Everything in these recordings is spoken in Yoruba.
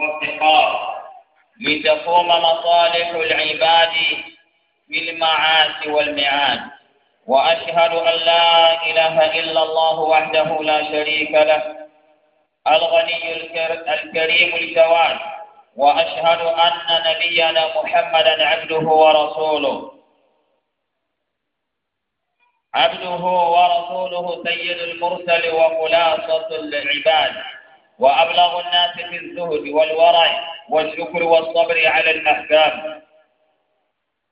وافتقار لتقوم مصالح العباد في المعاصي والمعاد وأشهد أن لا إله إلا الله وحده لا شريك له الغني الكريم الجواد وأشهد أن نبينا محمدا عبده ورسوله عبده ورسوله سيد المرسل وخلاصة العباد وأبلغ الناس في الزهد والورع والشكر والصبر على الأحكام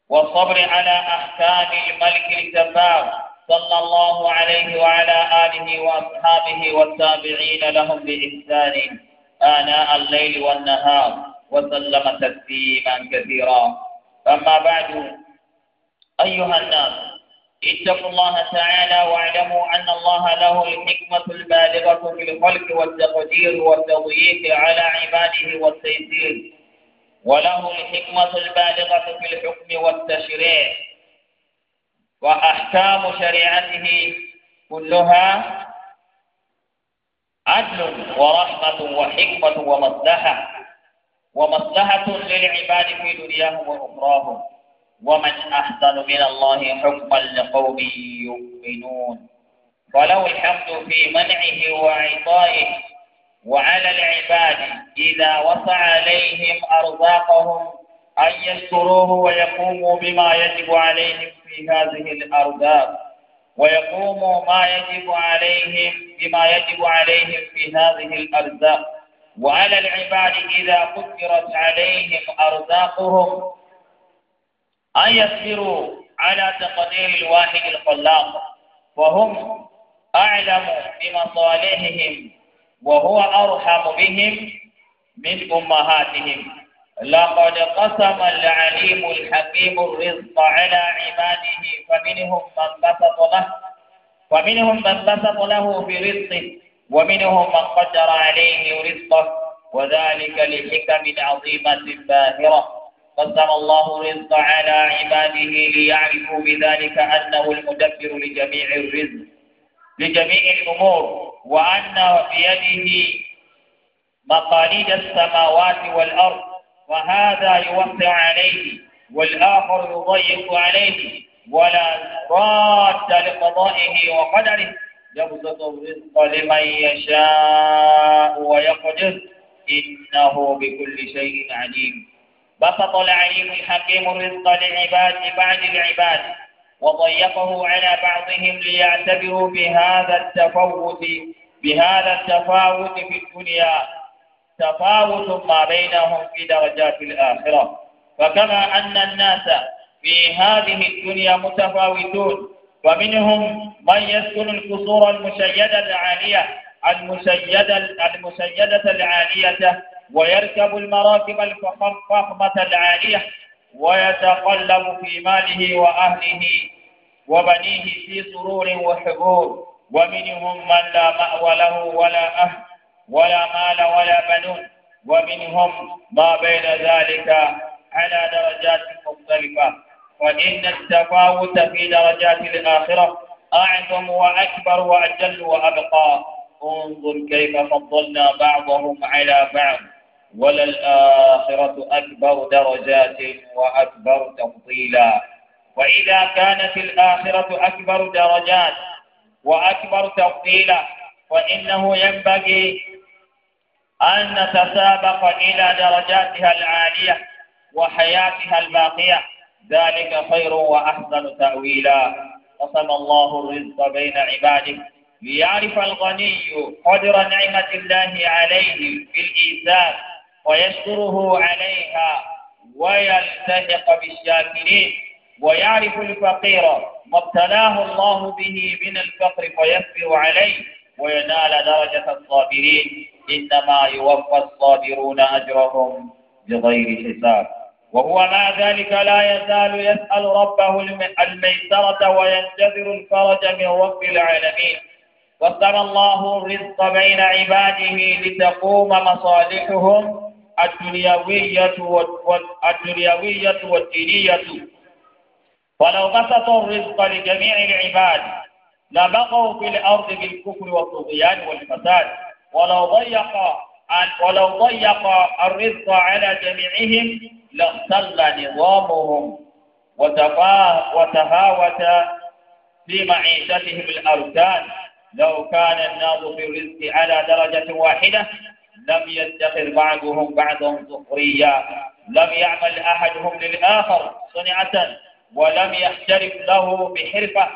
والصبر على أحكام الملك الجبار صلى الله عليه وعلى آله وأصحابه والتابعين لهم بإحسان آناء الليل والنهار وسلم تسليما كثيرا أما بعد أيها الناس اتقوا الله تعالى واعلموا أن الله له الحكمة البالغة في الخلق والتقدير والتضييق على عباده والتيسير وله الحكمة البالغة في الحكم والتشريع وأحكام شريعته كلها عدل ورحمة وحكمة ومصلحة ومصلحة للعباد في دنياهم وأخراهم ومن أحسن من الله حكما لقوم يؤمنون وله الحمد في منعه وعطائه وعلى العباد إذا وسع عليهم أرزاقهم أن يشكروه ويقوموا بما يجب عليهم في هذه الأرزاق ويقوموا ما يجب عليهم بما يجب عليهم في هذه الأرزاق وعلى العباد إذا قدرت عليهم أرزاقهم أن يصبروا على تقدير الواحد الخلاق وهم أعلم بمصالحهم وهو أرحم بهم من أمهاتهم لقد قسم العليم الحكيم الرزق على عباده فمنهم من بسط له ومنهم من بسط له في رزقه ومنهم من قدر عليه رزقه وذلك لحكم عظيمة باهرة قدر الله الرزق على عباده ليعرفوا بذلك أنه المدبر لجميع الرزق لجميع الأمور وأن بيده مقاليد السماوات والأرض وهذا يوسع عليه والآخر يضيق عليه ولا راد لقضائه وقدره يبسط الرزق لمن يشاء ويقدر إنه بكل شيء عليم بسط العليم الحكيم الرزق لعباد بعد العباد وضيقه على بعضهم ليعتبروا بهذا التفوت بهذا التفاوت في الدنيا تفاوت ما بينهم في درجات الآخرة فكما أن الناس في هذه الدنيا متفاوتون ومنهم من يسكن القصور المشيدة العالية المشيدة المشيدة العالية ويركب المراكب الفخمة العالية ويتقلب في ماله وأهله وبنيه في سرور وحبور ومنهم من لا مأوى له ولا أهل ولا مال ولا بنون ومنهم ما بين ذلك على درجات مختلفة وإن التفاوت في درجات الآخرة أعظم وأكبر وأجل وأبقى انظر كيف فضلنا بعضهم على بعض وللآخرة أكبر درجات وأكبر تفضيلا وإذا كانت الآخرة أكبر درجات وأكبر تفضيلا فإنه ينبغي أن نتسابق إلى درجاتها العالية وحياتها الباقية ذلك خير وأحسن تأويلا قسم الله الرزق بين عباده ليعرف الغني قدر نعمة الله عليه في الإيثار ويشكره عليها ويلتحق بالشاكرين ويعرف الفقير ما ابتلاه الله به من الفقر فيصبر عليه وينال درجة الصابرين إنما يوفى الصابرون أجرهم بغير حساب وهو مع ذلك لا يزال يسأل ربه الميسرة وينتظر الفرج من رب العالمين قسم الله الرزق بين عباده لتقوم مصالحهم الدنيوية والدنيوية والدينية ولو بسطوا الرزق لجميع العباد لبقوا في الأرض بالكفر والطغيان والفساد ولو ضيق ولو ضيق الرزق على جميعهم لاختل نظامهم وتفاوت في معيشتهم الأركان لو كان الناس في الرزق على درجة واحدة لم يتخذ بعضهم بعضهم سخريا لم يعمل أحدهم للآخر صنعة ولم يحترف له بحرفة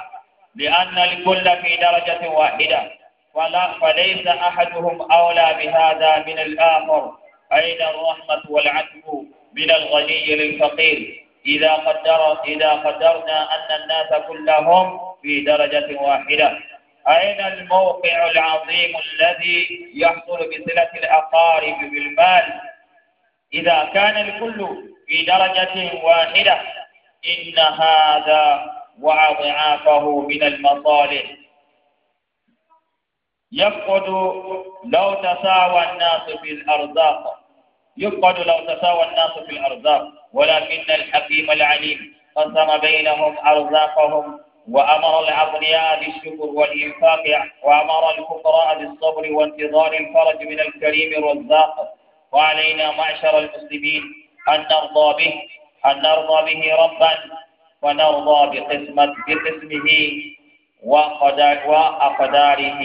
لأن الكل في درجة واحدة فلا فليس أحدهم أولى بهذا من الآخر أين الرحمة والعدل من الغني للفقير إذا قدر إذا قدرنا أن الناس كلهم في درجة واحدة أين الموقع العظيم الذي يحصل بصلة الأقارب بالمال إذا كان الكل في درجة واحدة إن هذا وأضعافه من المصالح يفقد لو تساوى الناس في الأرزاق يفقد لو تساوى الناس في الأرزاق ولكن الحكيم العليم قسم بينهم أرزاقهم وأمر الأغنياء بالشكر والإنفاق وأمر الفقراء بالصبر وانتظار الفرج من الكريم الرزاق وعلينا معشر المسلمين أن نرضى به أن نرضى به ربا ونرضى بقسمة بقسمه وأقداره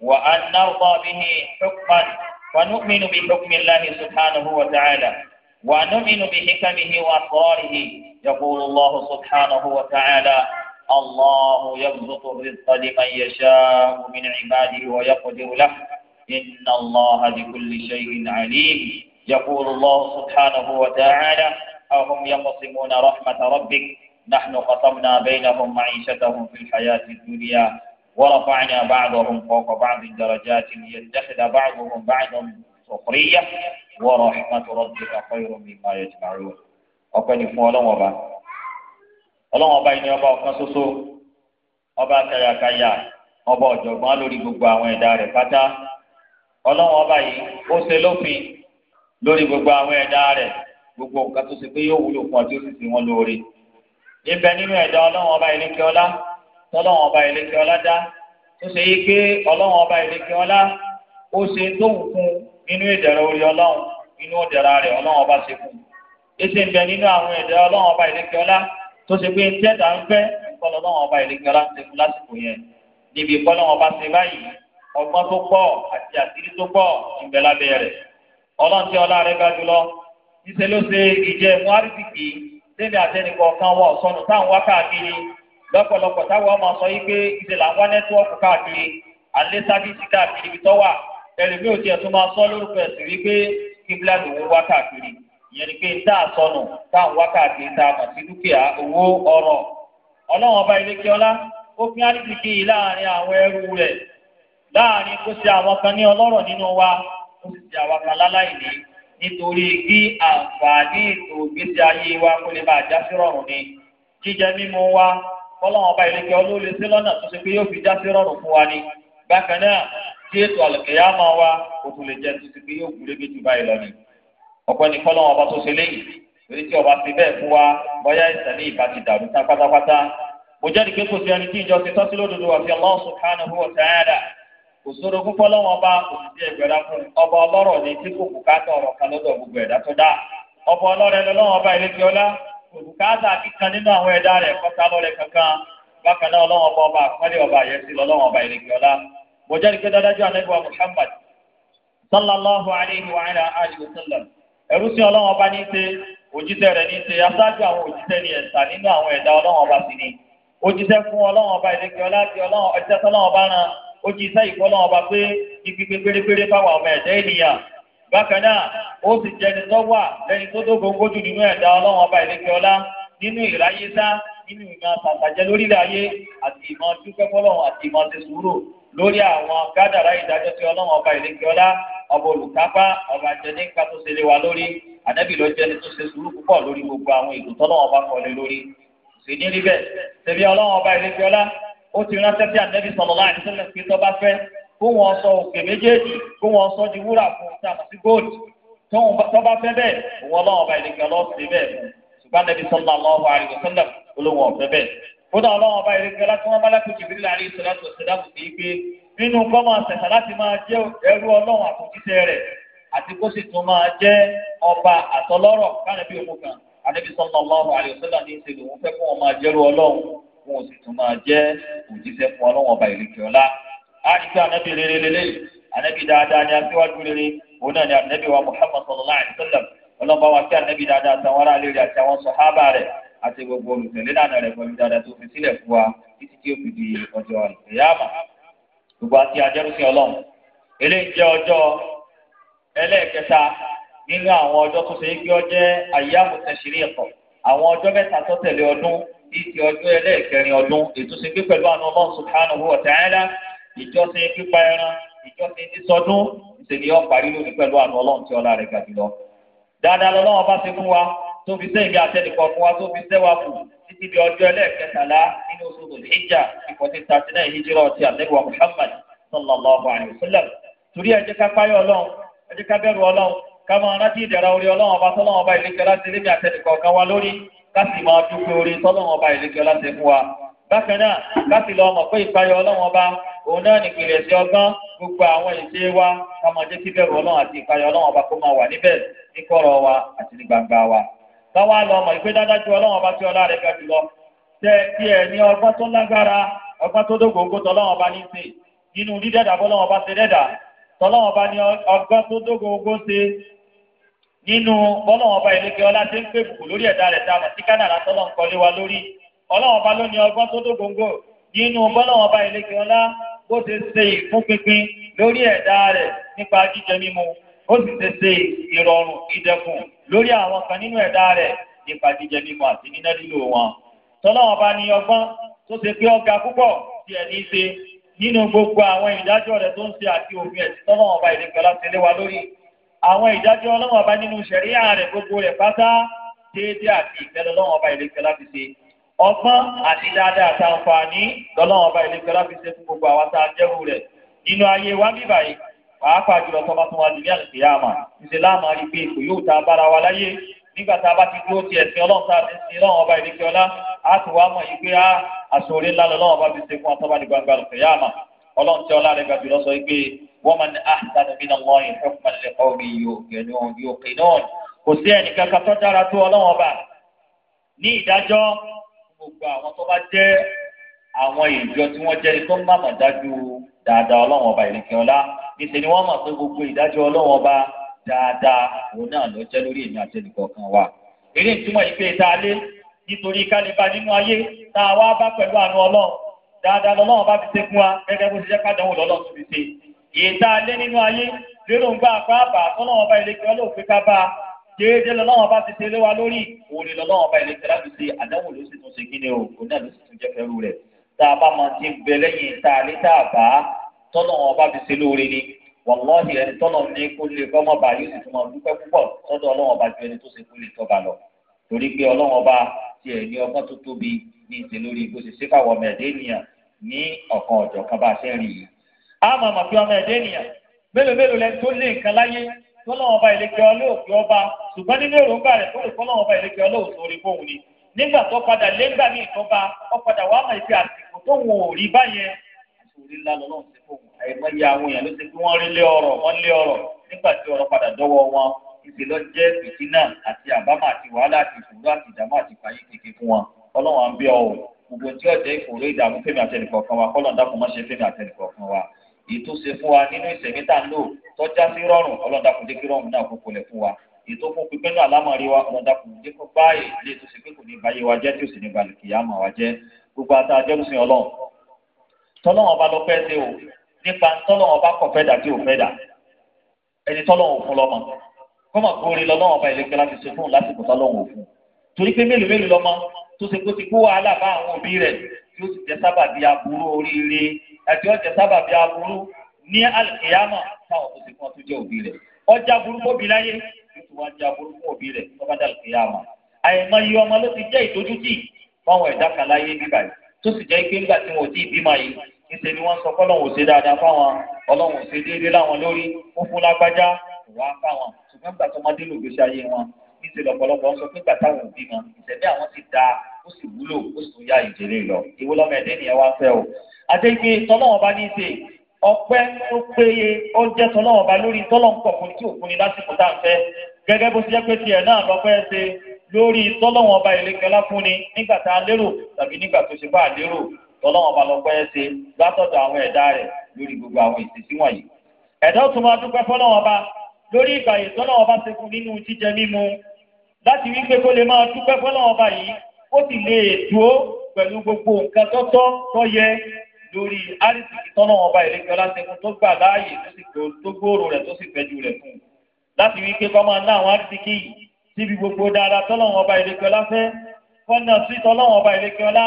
وأن نرضى به حكما ونؤمن بحكم الله سبحانه وتعالى ونؤمن بحكمه وأسراره يقول الله سبحانه وتعالى الله يبسط الرزق لمن يشاء من عباده ويقدر له إن الله بكل شيء عليم يقول الله سبحانه وتعالى أهم يقسمون رحمة ربك نحن قسمنا بينهم معيشتهم في الحياة الدنيا ورفعنا بعضهم فوق بعض الدرجات ليتخذ بعضهم بعضا سخرية ورحمة ربك خير مما يجمعون وكان فولوا ọlọ́run ọba ìní ọba ọ̀kan ṣoṣo ọba kàyàkàyà ọba ọ̀jọ̀gbọ́n lórí gbogbo àwọn ẹ̀dá rẹ̀ pátá ọlọ́run ọba yìí ó ṣe lófin lórí gbogbo àwọn ẹ̀dá rẹ̀ gbogbo nǹkan tó ṣe pé yóò wúlò fún ọ tí ó sì fi wọn lóore ibẹ̀ nínú ẹ̀dá ọlọ́run ọba ìlékè ọlá tọ́lọ́run ọba ìlékè ọlá dá ó ṣe yí pé ọlọ́run ọba ìlékè ọlá ó ṣe tó tó ṣe pé tí ẹ̀dá ń fẹ́ ìkọlọ náà ọba ìlẹ̀kẹ̀ ọlá ń ṣe fún lásìkò yẹn níbi ìkọlọ ọba ṣe báyìí ọgbọ́n tó pọ̀ àti àṣírí tó pọ̀ ìbẹ̀ lábẹ́ rẹ̀ ọlọ́run tí ọlá rẹ̀ ga jùlọ níṣẹ́ ló ṣe ìjẹ muharisiki tẹ́lẹ̀ àtẹnìkọ̀ kan wọ̀ sọnù táwọn wá káàkiri lọ́pọ̀lọpọ̀ táwọn ọmọ sọ yí pé ìṣẹ̀ là ń wá nẹ́tíwọ́ọ̀kù káàkiri alẹ́ sábìsì káàkiri ibi tó wà ẹlòmíì ò máa sọ lórúkọ ẹ̀sìn wípé kíbla lòún wá káàkiri ìyẹn ni pé tá a sọnù táwọn wákàtí tá a mọ̀ sí dúkìá owó ọrọ̀ ọlọ́run ọba ilékè ọlá ó fi àríkìkì yìí láàrin àwọn ẹrú rẹ̀ láàrin kó ṣe àwọn kan ní ọlọ́rọ̀ nínú wa ó sì ṣe àwọn kan láláìní nítorí kí àǹfààní ètò ìgbésí ayé wa kó lè bá a rọrùn ni jíjẹ mímu wa kọ́lọ́run ọba ilékè ọlá ó lè sí lọ́nà tó ṣe pé yóò fi já rọrùn fún wa ni bákan tí ètò àlùkìyámà wa kò tún lè jẹ́ tuntun pé yóò ọpẹ́ ní fọlọ́n ọba tó ṣe léyìí torí tí ọba ti bẹ́ẹ̀ fún wa bọ́yá ìsẹ̀lẹ̀ ìbá ti dàrú tán pátápátá mo jẹ́ ìgbé kò sí ẹni tí ìjọ ti tọ́ sí lódodo àfi Allah subhanahu wa kò sóró ọba kò sí fún ọba ọlọ́rọ̀ ní tí kò bùkátà ọ̀rọ̀ kan lọ́dọ̀ gbogbo ẹ̀dá tó dá ọba ọlọ́rẹ̀ ọba kò bùkátà ẹrú sí ọlọ́run ọba ní í ṣe òjíṣẹ́ rẹ̀ ní í ṣe aṣáájú àwọn òjíṣẹ́ ní ẹ̀sà nínú àwọn ẹ̀dá ọlọ́run ọba sì ni òjíṣẹ́ fún ọlọ́run ọba ìdẹ́kẹ́ ọláàtì ọlọ́run ọjíṣẹ́ tọ́lọ́run ọba ran òjíṣẹ́ ìfọ́ ọlọ́run ọba pé ìgbìgbè pérépéré fáwọn ọmọ ẹ̀dá ènìyàn bákan náà ó sì jẹni tó wà lẹ́ni tó dógóńgójú nínú ẹ̀dá ọlọ́run ọba ìdẹ́kẹ́ ọlá nínú ìráyé sá nínú ìmọ̀ àtàtàjẹ́ lórílẹ̀ ayé àti ìmọ̀ dúpẹ́ fọlọ́run àti ìmọ̀ ti sùúrù lórí àwọn gádàrá ìdájọ́ tí ọlọ́run ọba ìlẹ́kẹ́ ọlá ọba olùkápá ọba jẹnípa tó ṣe lé wa lórí ànábì ló jẹni tó ṣe sùúrù púpọ̀ lórí gbogbo àwọn ìlú tọ́lọ́run ọba kọ́lé lórí sì ní rí bẹ́ẹ̀ tẹ̀lé ọlọ́run ọba ìlẹ́kẹ́ ọlá ó ti ránṣẹ́ sí ànábì sallallahu alaihi wasallam pé tó bá fẹ́ kó wọn sọ òkè méjèèjì kó wọn sọ di wúrà fún un sáà sí olóhùn ọ̀fẹ́ bẹ́ẹ̀. kódà ọlọ́run ọba ìrẹ́gbẹ́ láti wọ́n mọ́lá kùtù ìbílẹ̀ àrí ìṣẹ̀lá tó ṣẹ̀dá kù sí pé nínú kọ́ máa ṣẹ̀ṣà láti máa jẹ́ ẹrú ọlọ́run àtúntìṣẹ́ rẹ̀ àti kó sì tún máa jẹ́ ọba àtọlọ́rọ̀ kánàbí òun kan àdébí sallallahu alaihi wasallam ní ìṣèlú òun fẹ́ fún wọn máa jẹ́rú ọlọ́run wọn ò sì tún máa jẹ́ òjíṣẹ́ fún ọlọ́run ọba ìrẹ́gbẹ́ wa Muhammad sallallahu alaihi wasallam ọlọ́ba wa kí ànábì dáadáa àtàwọn aráàlú rẹ̀ àti àwọn àti gbogbo olùtẹ̀lé lànà rẹ̀ pẹ̀lú dáadáa tó fi sílẹ̀ fún wa títí tí ó fi di ọjọ́ ìyáàmà gbogbo àti ajẹ́rúsìn ọlọ́run eléyìí jẹ́ ọjọ́ ẹlẹ́ẹ̀kẹta nínú àwọn ọjọ́ tó ṣe é kí ọ jẹ́ àyíyáàmù tẹ̀sírí ẹ̀kọ́ àwọn ọjọ́ mẹ́ta tó tẹ̀lé ọdún ìtì ọjọ́ ẹlẹ́ẹ̀kẹrin ọdún ètò ṣe pẹ̀lú àna ọlọ́run subhanahu wa ta'ala ìjọsìn pípa ẹran ìjọsìn sísọdún ìṣèlú ọ̀parí lónìí pẹ̀lú àna ọlọ́run tí ọlá rẹ̀ gàdúrà dáadáa lọ́wọ́ bá ṣe fún wa tó fi sẹ́yìn bí àtẹnìkọ̀ fún wa tó fi sẹ́wà kù títí di ọjọ́ ẹlẹ́ẹ̀kẹtàlá nínú oṣù Dhul-Hijja ìkọ̀tí tàtínà ìhíjírà ọtí àlẹ́wà Muhammad sallallahu alayhi wa sallam torí ẹ jẹ́ ká páyọ̀ ọlọ́run ẹ jẹ́ ká bẹ̀rù ọlọ́run ká máa rántí ìdẹ̀ra orí ọlọ́run ọba tọ́lọ́run ọba ìlẹ́kẹ̀ láti lémi àtẹnìkọ̀ kan wa lórí ká sì máa dúpẹ́ orí tọ́lọ́run ọba ìlẹ́kẹ̀ láti fún wa bákan náà ká sì lọ mọ̀ pé ìpayọ̀ ọlọ́run ọba òun náà nìpìlẹ̀ sí ọgbọ́n gbogbo àwọn ìṣe wa ká máa jẹ́ kí bẹ̀rù ọlọ́run àti ìpayọ̀ ọlọ́run ọba kó máa wà níbẹ̀ ní kọ̀rọ̀ wa àti ní gbangba wa káwá lọ mọ̀ ìpè dáadáa ju ọlọ́wọ́n ọba tí ọlá rẹ̀ ga jùlọ tẹ tí ẹ ní ọgbọ́n tó lágbára ọgbọ́n tó dógóńgó tọ́lọ́wọ́n ọba ní í ṣe nínú dídẹ́dà bọ́lọ́wọ́n ọba ṣe dẹ́dà tọ́lọ́wọ́n ọba ní ọgbọ́n tó dógóńgó ṣe nínú bọ́lọ́wọ́n ọba ìlẹ́kẹ́ ọlá tí ń pè bùkù lórí ẹ̀dá rẹ̀ tá a mọ̀ sí kánàlá tọ́lọ́ ń kọ́lé wa lórí ó sì ṣe ṣe ìrọ̀rùn ìdẹ̀kùn lórí àwọn kan nínú ẹ̀dá rẹ̀ nípa jíjẹ mímu àti níná lílo wọn. tọ́lọ́wọ́n bá ní ọgbọ́n tó ṣe pé ọ̀gá púpọ̀ tí ẹ̀ ní ṣe nínú gbogbo àwọn ìdájọ́ rẹ̀ tó ń ṣe àti òfin ẹ̀ tí tọ́lọ́wọ́n bá ìdẹ́gbẹ́ láti lé wa lórí. àwọn ìdájọ́ ọlọ́wọ́n bá nínú ṣẹ̀ríyà rẹ̀ gbogbo rẹ̀ pátá déédéé àti ìfẹ́ lọ́wọ́n bá ìdẹ́gbẹ́ láti ṣe. ọgbọ́n àti dáadáa àtàǹfààní lọ́wọ́n bá ìdẹ́gbẹ́ láti ṣe pàápàá jùlọ tó bá tún wá lórí àlùkìyàmà ìṣe láàmà rí pé ipò yóò ta bára wa láyé nígbà tá a bá ti dúró ti ẹ̀sìn ọlọ́run tá a ti sin ọlọ́run ọba ìdíkẹ́ ọlá á ti wá mọ̀ yìí pé á àṣọrí ńlá lọ́lọ́run ọba fi ṣe fún atọ́ba ní gbangba àlùkìyàmà ọlọ́run tí ọlá rẹ̀ gbà jùlọ sọ pé wọ́n máa ní ahsan mina Allahi wọ́n jẹ́ tó má mọ̀ dájú dáadáa ọlọ́run ọba ìlẹ̀kẹ́ ọlá níṣẹ́ ni wọ́n mọ̀ pé gbogbo ìdájọ́ ọlọ́run ọba dáadáa òun náà ló jẹ́ lórí èmi àti ẹnìkọ̀ọ̀kan wa. eré ìtumọ̀ ìpè tá a lé nítorí kálíba nínú ayé tá a wá bá pẹ̀lú àánú ọlọ́run dáadáa lọ́lọ́run bá fi ṣe fún wa gẹ́gẹ́ bó ṣe jẹ́ pàdánwò lọ́lọ́run tó fi ṣe. ìta lé nínú ayé lérò ni lọ́lọ́wọ́n bá ìlẹ̀kẹ́ láti ṣe àdánwò ló sì tún ṣe kí ni o òun náà ló sì tún jẹ́ tá a bá mọ ti bẹ lẹ́yìn tá a lé tá a bá tọ́nà ọba fi ṣe lóore ni wàlọ́ọ̀hì ẹni tọ́nà ní kó lè kọ́ mọ́ba yóò sì tún máa dúpẹ́ púpọ̀ sọ́dọ̀ ọlọ́run ọba ju ẹni tó ṣe kó lè tọ́ba lọ torí pé ọlọ́run ọba tiẹ̀ ní ọgbọ́n tó tóbi ní ìṣe lórí bó ṣe ṣe káwọ́ ọmọ ẹ̀dẹ́ ènìyàn ní ọ̀kan ọ̀jọ̀ kan bá ṣe ń rí yìí. a máa mọ̀ pé ọmọ mélòó mélòó lẹ tó lé nǹkan láyé tọ́lọ́wọ́n ọba ìlẹ́kẹ́ ọlọ́ọ̀kì tó wọn ò rí báyẹn àtòrí ńlá lọ́nà ti fò wọn àìmọ́ iye àwọn èèyàn ló ti pé wọ́n rí lé ọ̀rọ̀ wọ́n lé ọ̀rọ̀ nígbà tí ọ̀rọ̀ padà dọ́wọ́ wọn ìṣèlọ jẹ́ fìtínà àti àbámọ̀ àti wàhálà àti ìṣòro àti ìdààmú àti ìpàyé kéke fún wọn ọlọ́run à ń bí ọ gbogbo tí ọ̀jẹ̀ ìfòòró ìdààmú fẹ́mi àtẹnìkọ̀ọ̀kan wa kọ́lọ̀ dákun má ṣe fẹ́mi àtẹnìkọ̀ọ̀kan wa èyí tó ṣe fún wa nínú ìṣẹ̀mí tá ń lò tọ́já sí rọrùn ọlọ́run dé kí rọrùn náà kó kolẹ̀ fún wa èyí fún pípẹ́ náà lámọ̀rí wa ọlọ́run dé kó báyìí ilé tó pé kò ní báyé wa jẹ́ tí ò sì ní balùkìyà mọ̀ wa jẹ́ gbogbo ata jẹ́rùsìn ọlọ́run tọ́lọ́wọ́n ọba lọ fẹ́ ṣe o nípa tọ́lọ́wọ́n ọba kọ̀ fẹ́dà tí ò fẹ́dà ẹni tọ́lọ́wọ́n òfun lọ́mọ kọ́mọ̀ kórè lọ́lọ́wọ́n ọba ìlẹ́kẹ́ láti ṣe fún lásìkò tọ́lọ́wọ́n òfun torí pé mélòó mélòó lọ́mọ tó ṣe kó ti kó wàhálà bá àwọn òbí rẹ̀ tí ó sì jẹ́ sábàbí aburú oríire àti ọ̀jẹ̀ sábàbí aburú ní alìkèyàmọ̀ táwọn tó ṣe fún ọ tó jẹ́ òbí rẹ̀ ọjà burúkú òbí láyé ètò ọjà burúkú òbí rẹ̀ lọ́bàdà alìkèyàmọ̀ àìmọye ọmọ ló ti jẹ́ ìdójútì fáwọn ẹ̀dá kan láyé bíbà yìí tó sì jẹ́ pé nígbà tí wọn ò tí ì bímọ yìí níṣẹ́ ni wọ́n sọ fọ́lọ́hún ò ṣe dáadáa fáwọn ọlọ́hún ò ṣe déédéé láwọn lórí ó fún lágbájá wàá fáwọn ṣùgbọ́n nígbà tó máa dé lògbèsè ayé wọn níṣẹ́ lọ́pọ̀lọpọ̀ ń sọ pé nígbà táwọn ò bímọ ìṣẹ̀lẹ̀ àwọn ti da ó sì wúlò ó sì tún yá ìjẹ́lẹ̀ lọ ìwọ lọ́mọ ẹ̀dẹ́ nìyẹn wá fẹ́ o àtẹ́gbẹ́ tọ́lọ́wọ́n bá ní í ṣe ọpẹ́ tó péye ó jẹ́ tọ́lọ́wọ́n bá lórí tọ́lọ́wọ́n pọ̀ fún tí òfin ni lásìkò tá ń fẹ́ gẹ́gẹ́ bó ti jẹ́ pé tiẹ̀ náà lọ́pẹ́ ṣe lórí tọ́lọ́wọ́n ọba ìlẹ́kẹ́lá fúnni nígbà tá a lérò tàbí nígbà tó ṣe bá a lérò tọ́lọ́wọ́n ọba lọ́pẹ́ ṣe látọ̀dọ̀ àwọn ẹ̀dá rẹ̀ lórí gbogbo àwọn ìṣesí wọ̀nyí. ẹ̀dá ó tún máa dúpẹ́ fọ́lọ́wọ́n ọba lórí ìgbàyè tọ́lọ́wọ́n ọba ṣe fún nínú jíjẹ mímu láti wí pé kó lè máa dúpẹ́ fọ́lọ́wọ́n ọba yìí ó sì lè dúó pẹ̀lú gbogbo nǹkan tọ́tọ́ tó yẹ lórí síbi gbogbo dáadáa tọ́lọ́wọ́n ọba ìlẹ́kẹ́ ọlá fẹ́ kọ́nà sí tọ́lọ́wọ́n ọba ìlẹ́kẹ́ ọlá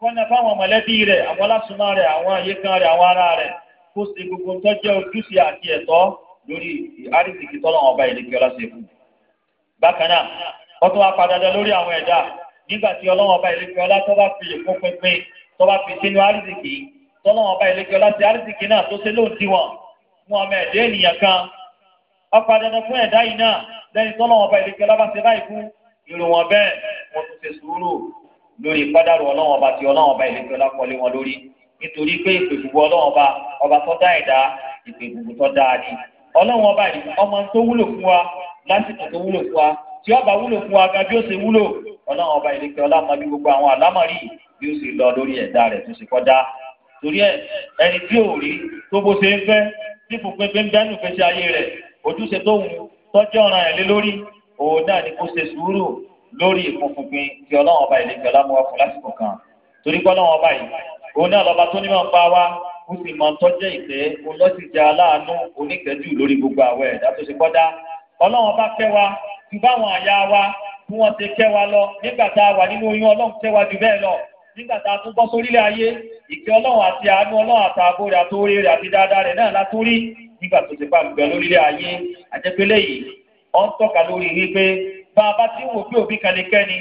kọ́nà fáwọn mọ̀lẹ́bí rẹ̀ àwọn alásùnmọ́ rẹ̀ àwọn àyíká rẹ̀ àwọn ará rẹ̀ kó ṣe gbogbo tó jẹ́ ojúṣe àti ẹ̀tọ́ lórí àrísìkì tọ́lọ́wọ́n ọba ìlẹ́kẹ́ ọlá ṣe fún. bákan náà wọ́n tún wá padà dá lórí àwọn ẹ̀dá nígbà tí ọlọ́wọ́n ọba ìlẹ́kẹ́ ọlá tó ọ̀pá dandan fún ẹ̀dá yìí náà lẹ́yìn tó lọ́wọ́ ọba ìlẹ́kẹ́ ọlọ́ba ṣe báyìí fún irun wọn bẹ́ẹ̀ wọ́n tún ṣe sùúrù lórí ìpádàrú ọlọ́wọ́ ọba tí ọlọ́wọ́ ọba ìlẹ́kẹ́ ọlápọ̀lé wọn lórí nítorí pé ìpè gbogbo ọlọ́wọ́ ọba ọba tó dá ẹ̀dá ìpè gbogbo tó dáa ni ọlọ́wọ́ ọba yìí ọmọ tó wúlò fún wa lásìkò tó wúlò fún wa tí ọba wúlò fún wa gan bí ó ṣe wúlò ọlọ́wọ́ ọba ìlẹ́kẹ́ ọlámọ ojúṣe tó wù tọ́jú ọ̀ràn ẹ̀ lé lórí òun náà ni kó ṣe sùúrù lórí ìfúnfunfin tí ọlọ́run ọba ìlẹ́jọ́ lámúwá fún lásìkò kan torí pé ọlọ́run ọba yìí òun náà lọ́ba tó nímọ̀ ń bá wa ó sì mọ tọ́jú ìfẹ́ olọ́sìjà aláàánú oníkẹ́jù lórí gbogbo àwẹ̀ ẹ̀dá tó ṣe kọ́dá ọlọ́run ọba kẹ́ wa ju báwọn àyà wa bí wọ́n ṣe kẹ́ wa lọ nígbà tá a wà nínú oyún ọlọ́run kẹ́ wa jù bẹ́ẹ̀ lọ nígbà tá a tún bọ́ sórílẹ̀ ayé ìkẹ́ ọlọ́run àti àánú ọlọ́run àtààbò rẹ̀ àtòrí rẹ̀ àti dáadáa rẹ̀ náà látúrí nígbà tó ti pa àgbẹ̀ lórílẹ̀ ayé àjẹpẹ́lẹ́ yìí ọ̀ ń tọ́ka lórí wípé bá a bá ti wò pé òbí kan lè kẹ́ni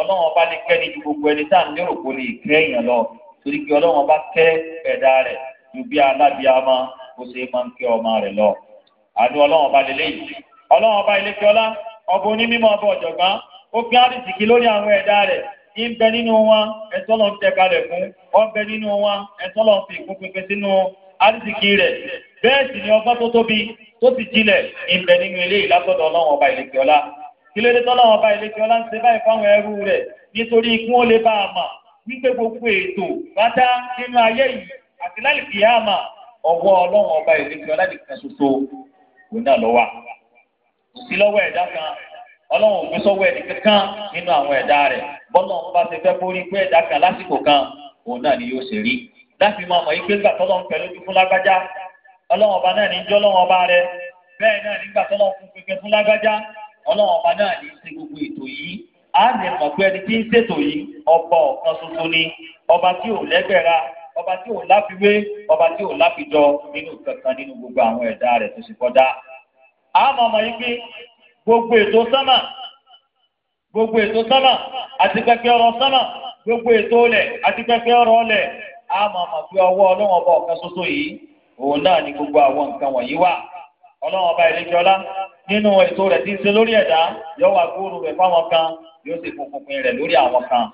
ọlọ́run ọba lè kẹ́ni ju gbogbo ẹni tá à ń lérò kó lè kẹ́ èèyàn lọ torí pé ọlọ́run ọba kẹ́ ẹ̀dá rẹ̀ ju bí alábíàmá bó ṣe máa ń kẹ́ ọmọ rẹ̀ lọ. àdó ọlọ́run ọba lè léyìí ọlọ́run ọba ilé fiọlá ọba onímọ̀ ọba ọ̀jọ̀gbọ́n ó fi àrísìkí lórí àwọn ẹ̀dá rẹ̀ ń bẹ nínú wọn ẹ̀tọ́ àrísìkí rẹ̀ bẹ́ẹ̀ sì ni ọgbọ́n tó tóbi tó sì jinlẹ̀ ìbẹ̀ nínú ilé ìlàsọ̀dọ̀ ọlọ́run ọba ìlẹ̀kẹ̀ọ́lá kílódé tọ́lọ́run ọba ìlẹ̀kẹ̀ọ́lá ń ṣe báyìí fáwọn ẹrú rẹ̀ nítorí kí wọ́n lè bá a mà wípé gbogbo ètò pátá nínú ayé yìí àti lálùkì yá mà ọwọ́ ọlọ́run ọba ìlẹ̀kẹ̀ọ́lá nìkan ṣoṣo kò náà lọ wà sí lọ́wọ́ ẹ̀dá kan ọlọ́run ò gbé sọ́wọ́ ẹ̀dá kan nínú àwọn ẹ̀dá rẹ̀ bọ́lọ́run kan lásìkò ni yóò láti mọ àmọ̀ yìí pé gbà tọ́lọ́ ń pẹ̀lú fún lágbájá ọlọ́wọ́n ọba náà ní jọ́ ọlọ́wọ́n ọba rẹ bẹ́ẹ̀ náà nígbà tọ́lọ́ fún pẹpẹ fún lágbájá ọlọ́wọ́n ọba náà ní ṣe gbogbo ètò yìí á lè mọ̀ pé ẹni tí ń ṣètò yìí ọba ọ̀kan ṣoṣo ni ọba tí ò lẹ́gbẹ̀ra ọba tí ò láfiwé ọba tí ò láfijọ nínú kankan nínú gbogbo àwọn ẹ̀dá rẹ̀ tó ṣe kọjá. àmọ́ ọmọ yìí pé gbogbo ètò sánmà gbogbo ètò sánmà àti pẹpẹ ọ̀rọ̀ á máa mọ̀ pé ọwọ́ ọlọ́wọ́n ọba ọ̀kan ṣoṣo yìí òun náà ni gbogbo àwọn nǹkan wọ̀nyí wà ọlọ́wọ́n ọba ìlẹ́jọ́ ọlá nínú ètò rẹ̀ tí ń ṣe lórí ẹ̀dá yóò wá gbóòrò rẹ̀ fáwọn kan yóò sì fún pinpin rẹ̀ lórí àwọn kan.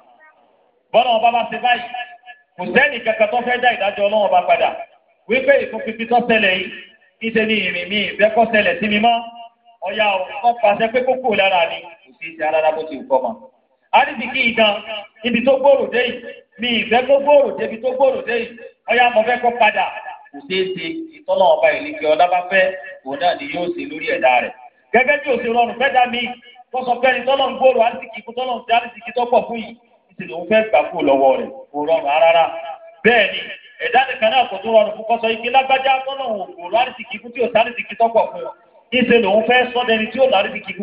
bọ́lá ọba bá ṣe báyìí kò sẹ́ni kankan tó fẹ́ dá ìdájọ́ ọlọ́wọ́n ọba padà wípé ìfúnpinpin tó ṣẹlẹ̀ yìí ni ìrìn mi ìfẹ́kọ́ ṣẹlẹ̀ sí mi mọ́ ọ̀yà ò kọ́ ni kò sí ti arára àríbìkì ìgan ibi tó gbòòrò dé yìí mi ìfẹ́ tó gbòòrò débi tó gbòòrò dé yìí ọyá mo fẹ́ kó padà kò ṣeé ṣe ìtọ́nà ọba ìlékè ọlá bá fẹ́ òun náà ni yóò ṣe lórí ẹ̀dá rẹ̀ gẹ́gẹ́ bí òṣèlú ọ̀rùn fẹ́ dá mi wọ́n sọ pé ní tọ́lọ̀ ń gbòòrò àríbìkì kó tọ́lọ̀ ń ṣe àríbìkì tó pọ̀ fún yìí ìṣèlú òun fẹ́ gbà kúrò lọ́wọ́ rẹ̀ kò rọrùn rárá bẹ́ẹ̀ ni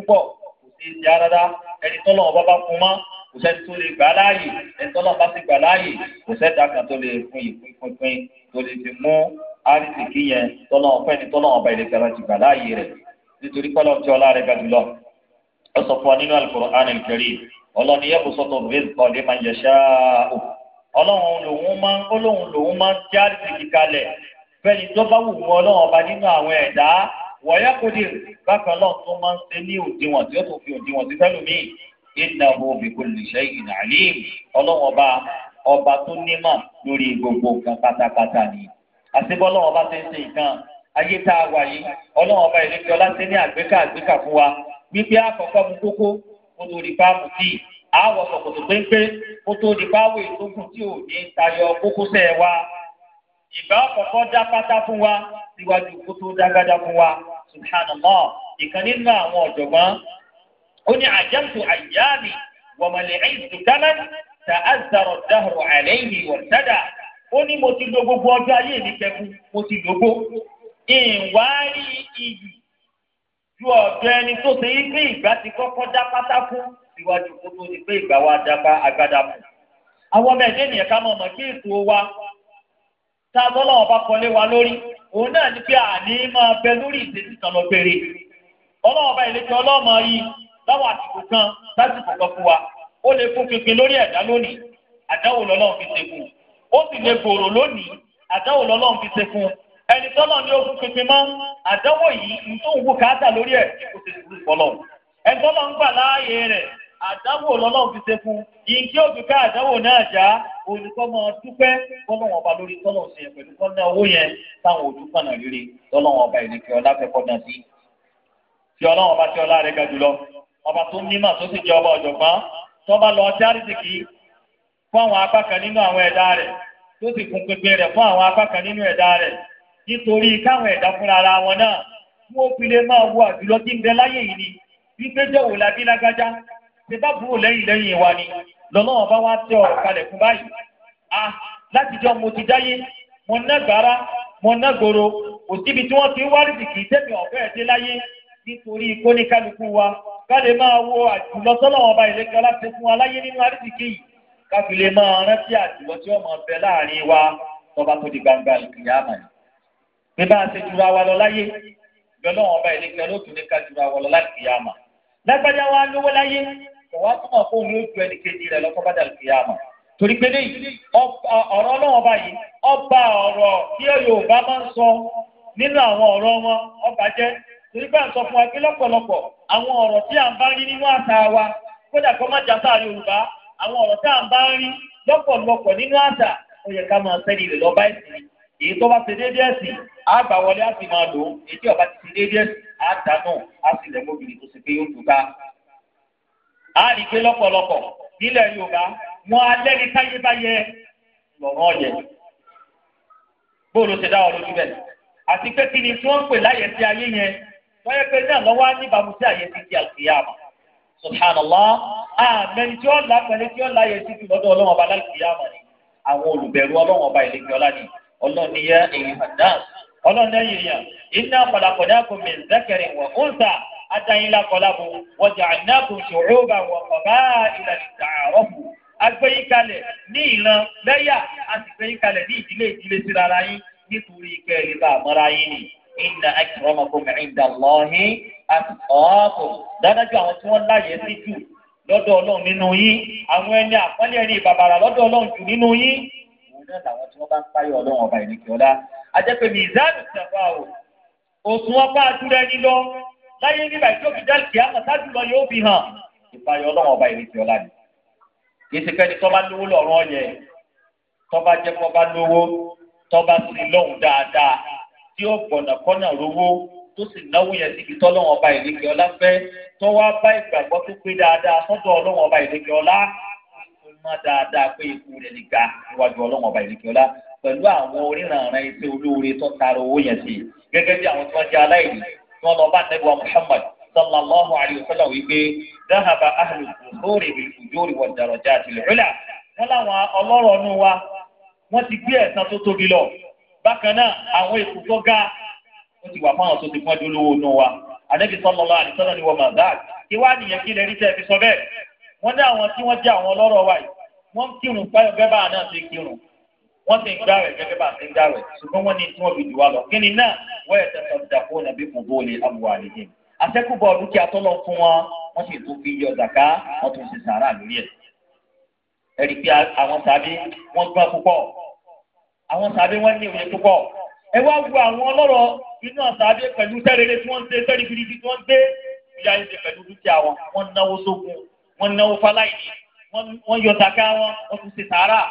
ẹ̀dá ẹni tọ́lọ̀ ọba bá fún mọ́ kò sẹ́ni tó lè gbà láàyè ẹni tọ́lọ̀ bá ti gbà láàyè kò sẹ́ni dákan tó lè fún ìpín pínpín tó lè fi mú àrísìkí yẹn tọ́lọ̀ ọ̀pẹ́ ẹni tọ́lọ̀ ọba ìlẹ̀kẹ̀rẹ̀ ti gbà láàyè rẹ̀ nítorí pọ́lọ̀ tí ọlá rẹ̀ gàdú lọ. ó sọ fún wa nínú Al-Qur'an Al-Karim ọlọ́ni yẹ́pù sọ́tọ̀ rizqan liman yasha'u ọlọ́run lòun máa ń ọlọ́run lòun máa ń já àrísìkí kalẹ̀ fẹ́ni tó bá wù wọ́n ọlọ́run ọba nínú àwọn wọ̀nyá kò dì bákan náà tó máa ń ṣe ní òdiwọ̀n tí ó tó fi òdiwọ̀n sí fẹ́lùmí ìdá òbí kò lè ṣe ìnà àlìm ọlọ́wọ́n ọba ọba tó nímọ̀ lórí gbogbo nǹkan pátápátá ni àṣebọ́lọ́wọ́n ọba ti ń ṣe nǹkan ayé tá a wà yìí ọlọ́wọ́n ọba ìlẹ́kẹ́ ọlá ti ní àgbékà àgbékà fún wa wípé àkọ́kọ́ mu kókó kó tó di fáàmù tíì àwọ̀ sọ̀kòtò péńpé kó tó di fáwọ̀ ìtókùn tí ò ní tayọ kókósẹ̀ wa ìgbà ọ̀kọ̀ọ̀kọ̀ dá pátá fún wa síwájú kó tó dágádá fún wa سبحان الله nínú àwọn ọ̀jọ̀gbọ́n ó ní àjẹmtù àyàmì wọ̀mọ̀lẹ̀ ẹ̀yìntù dámán ta azarọ̀ dahùrù àlẹ́yìn wọ̀sádà ó ní mo ti lo gbogbo ọjọ́ ayé mi kẹ́kù mo ti lògbó ìwárí iyì ju ọ̀dọ̀ ẹni tó ṣe yí pé ìgbà ti kọ́kọ́ dá pátá fún síwájú kó tó di pé ìgbà wa dábá agbádá fún. àwọn ọmọ ẹ̀dẹ́ nìyẹn ká mọ̀ mọ̀ kí ètò wa tá a bọ́ bá kọlé wa lórí òun náà ní pé àní máa bẹ lórí ìṣesí kan lọ péré ọlọ́ọ̀bá ìlẹ́jọ́ ọlọ́ọ̀mọ yìí láwọn kan lásìkò kan fún wa ó lè fún pinpin lórí ẹ̀dá lónìí àdáwò lọ́lọ́run fi ṣe fún un ó sì lè gbòòrò lónìí àdáwò lọ́lọ́run fi ṣe fún un ẹni tọ́lọ̀ ni ó fún pinpin mọ́ àdáwò yìí àdáwò lọ́lọ́run fi ṣe fún yìí òbí ká àdáwò náà já olùkọ́ máa dúpẹ́ tọ́lọ́wọ́n ọba lórí tọ́lọ́wọ́n ṣe pẹ̀lú kọ́nà owó yẹn táwọn ojú kànáà rere tọ́lọ́wọ́n ọba ìrìnkè ọlá fẹ́ kọ́nà sí. tí ọlọ́wọ́n ọba tí ọlá rẹ̀ ga jùlọ ọba tó nímọ̀ tó sì jẹ́ ọba ọ̀jọ̀gbọ́n tọ́ba lọ dárísìkì fún àwọn apá kan nínú àwọn ẹ̀dá rẹ̀ tó sì kún pépé rẹ̀ fún àwọn apá kan nínú ẹ̀dá rẹ̀ nítorí káwọn ẹ̀dá fúnra ara wọn náà wọ́n fi lè máa wo àjùlọ ń bẹ láyé yìí ni wípé jọ̀wọ́ làbí lágbájá ṣe bá burú lẹ́yìn lẹ́yìn wa ni lọ́lọ́wọ́n bá wá tẹ ọ̀rọ̀ kalẹ̀ fún báyìí. a láti jọ mo ti dáyé mo ná gbára mo ná goro kò síbi tí wọ́n ti ń wárí sì kì í tẹ̀mí ọ̀fẹ́ ẹ̀ dé láyé nítorí kóníkálukú wa ká lè máa wo àjùlọ sọ́lọ́wọ́n bá ìlẹ́kẹ́ láti fún wa láyé nínú àrísìkí yìí ká fi lè máa rántí àjùlọ tí wọ́n máa bẹ láàrin wa tọ́ba tó di gbangba ìkìyàmà yìí. bí bá a ṣe jura wa lọ láyé ìgbẹ́ lọ́wọ́n bá ìlẹ́kẹ́ ló tún ní ká jura wa lọ láìkìyàmà. lágbájá wa lówó láyé wá túmọ̀ fún ní ojú ẹni kejì rẹ̀ lọ́kọ́ bàdà kìyàmà torí pé léyìí ọ̀rọ̀ ọlọ́wọ́n báyìí ọba ọ̀rọ̀ tí Yorùbá máa ń sọ nínú àwọn ọ̀rọ̀ wọn ọba jẹ́ torí bá ń sọ fún wa pé lọ́pọ̀lọpọ̀ àwọn ọ̀rọ̀ tí à ń bá rí nínú àṣà wa kódà kó má jásá Yorùbá àwọn ọ̀rọ̀ tí à ń bá rí lọ́pọ̀lọpọ̀ nínú àṣà ó yẹ ká máa sẹ́ni lè lọ́ba ẹ̀sìn èyí tó bá ṣe déédé ẹ̀sìn á gbà wọlé á sì máa lò ó èyí tí ọba ti ṣe déédé ẹ̀sìn á dànù á sì lẹ̀ mọ́bìnrin tó ṣe pé yóò tún ká a rí i pé lọ́pọ̀lọpọ̀ nílẹ̀ yorùbá wọn alẹ́ ní táyébáyé lọ́rọ̀ yẹ bóòlù ti dá ọ lójú bẹ́ẹ̀ àti pé kí ni tí wọ́n ń pè láyé sí ayé yẹn wọ́n yẹ pé náà lọ́wọ́ á ní ìbámu sí ayé sí ti subhanallah àmẹ́ni tí ó là pẹ̀lú tí ó láyé sí jù lọ́dọ̀ ọlọ́wọ́n ọba lálùkìyàmà ni àwọn olùbẹ̀rù ọlọ́wọ́n ọba ìlẹ́kẹ̀ ọlá ni ọlọ́ni yẹ èyí hàn náà adáyínlá kọlábù wọ́n jà náàkùn ṣòróbà wọ̀ ọ̀bá ìlànà ìtààrọ́bù agbẹ́yìn kalẹ̀ ní ìran lẹ́yà àti gbẹ́yìn kalẹ̀ ní ìdílé ìdílé síra ara yín nítorí ìkẹ́ ẹ̀ lè bá àmọ́ra yín ni inna akramakum inda Allahi dáadájú àwọn tí wọ́n láyé sí jù lọ́dọ̀ Ọlọ́run nínú yín àwọn ẹni àpọ́nlé ẹni ìbàbàrà lọ́dọ̀ Ọlọ́run jù nínú yín òun náà làwọn tí wọ́n bá ń páyọ̀ Ọlọ́run ọba ìrìnkì ọlá ajẹpẹ mizanu sẹfà o òsùn ọba àdúrà ẹni láyé nígbà tí òbí dá kìá kan sáájú lọ yóò fi hàn ìfàyọ ọlọ́run ọba ìrètí ọlá ni kì í ṣe fẹ́ni tọ́ba lówó lọ́rùn ọ̀yẹ tọ́ba jẹ́ fọ́ba lówó tọ́ba sí lọ́hùn dáadáa tí ó gbọ̀nà kọ́nà rówó tó sì náwó yẹn síbi tọ́lọ́run ọba ìrètí ọlá fẹ́ tọ́wọ́ bá ìgbàgbọ́ tó pé dáadáa sọ́dọ̀ ọlọ́run ọba ìrètí ọlá mọ dáadáa pé ikú rẹ̀ lè ga níwájú ọlọ́wọ́n ọba ìlú kíọ́lá pẹ̀lú àwọn oríranran iṣẹ́ olóore tó tara owó yẹn sí gẹ́gẹ́ bí àwọn tí wọ́n jẹ́ aláìní wọ́n lọ bá nẹ́bí wa Muhammad sallallahu alayhi wa sallam wípé dáhàbà ahlul zuhuri bil ujuri wad darajati al ula wọ́n láwọn ọlọ́rọ̀ ọ̀nù wa wọ́n ti gbé ẹ̀san tó tóbi lọ bákan náà àwọn èkó tó ga ó ti wà fáwọn tó ti pọ́n dúró ọ̀nù wa anabi sallallahu alayhi wa sallam ni wọ́n máa dáa kí wàá nìyẹn kí lè rí tẹ́ fi sọ bẹ́ẹ̀ wọ́n ní àwọn tí wọ́n jẹ́ àwọn ọlọ́rọ̀ wa yìí wọ́n kírun wọ́n sì ń gbá rẹ̀ gẹ́gẹ́ bá ti ń dá rẹ̀ ṣùgbọ́n wọ́n ní tí wọ́n fi jù wá lọ kí ni náà wọ́n yẹ tẹ̀sán dàpọ̀ nàbí kò bó lè amúwa nìyẹn àtẹ́kùbọ̀ dúkìá tọ́lọ̀ fún wọn wọ́n sì tún fi yọ zàká wọ́n tún ṣe sàárà lórí ẹ̀ ẹ̀rí pé àwọn sàbí wọ́n gbọ́n púpọ̀ àwọn sàbí wọ́n ní òye púpọ̀ ẹ wá wo àwọn ọlọ́rọ̀ inú àsàbí pẹ̀lú sẹ́rẹ̀rẹ̀ tí wọ́n ń ṣe sẹ́rẹ̀ fìdífì tí wọ́n ń gbé ìyá ìṣe pẹ̀lú dúkìá wọn wọ́n náwó sógun wọ́n náwó fáláìní wọ́n yọ zàká wọn wọ́n tún ṣe sàárà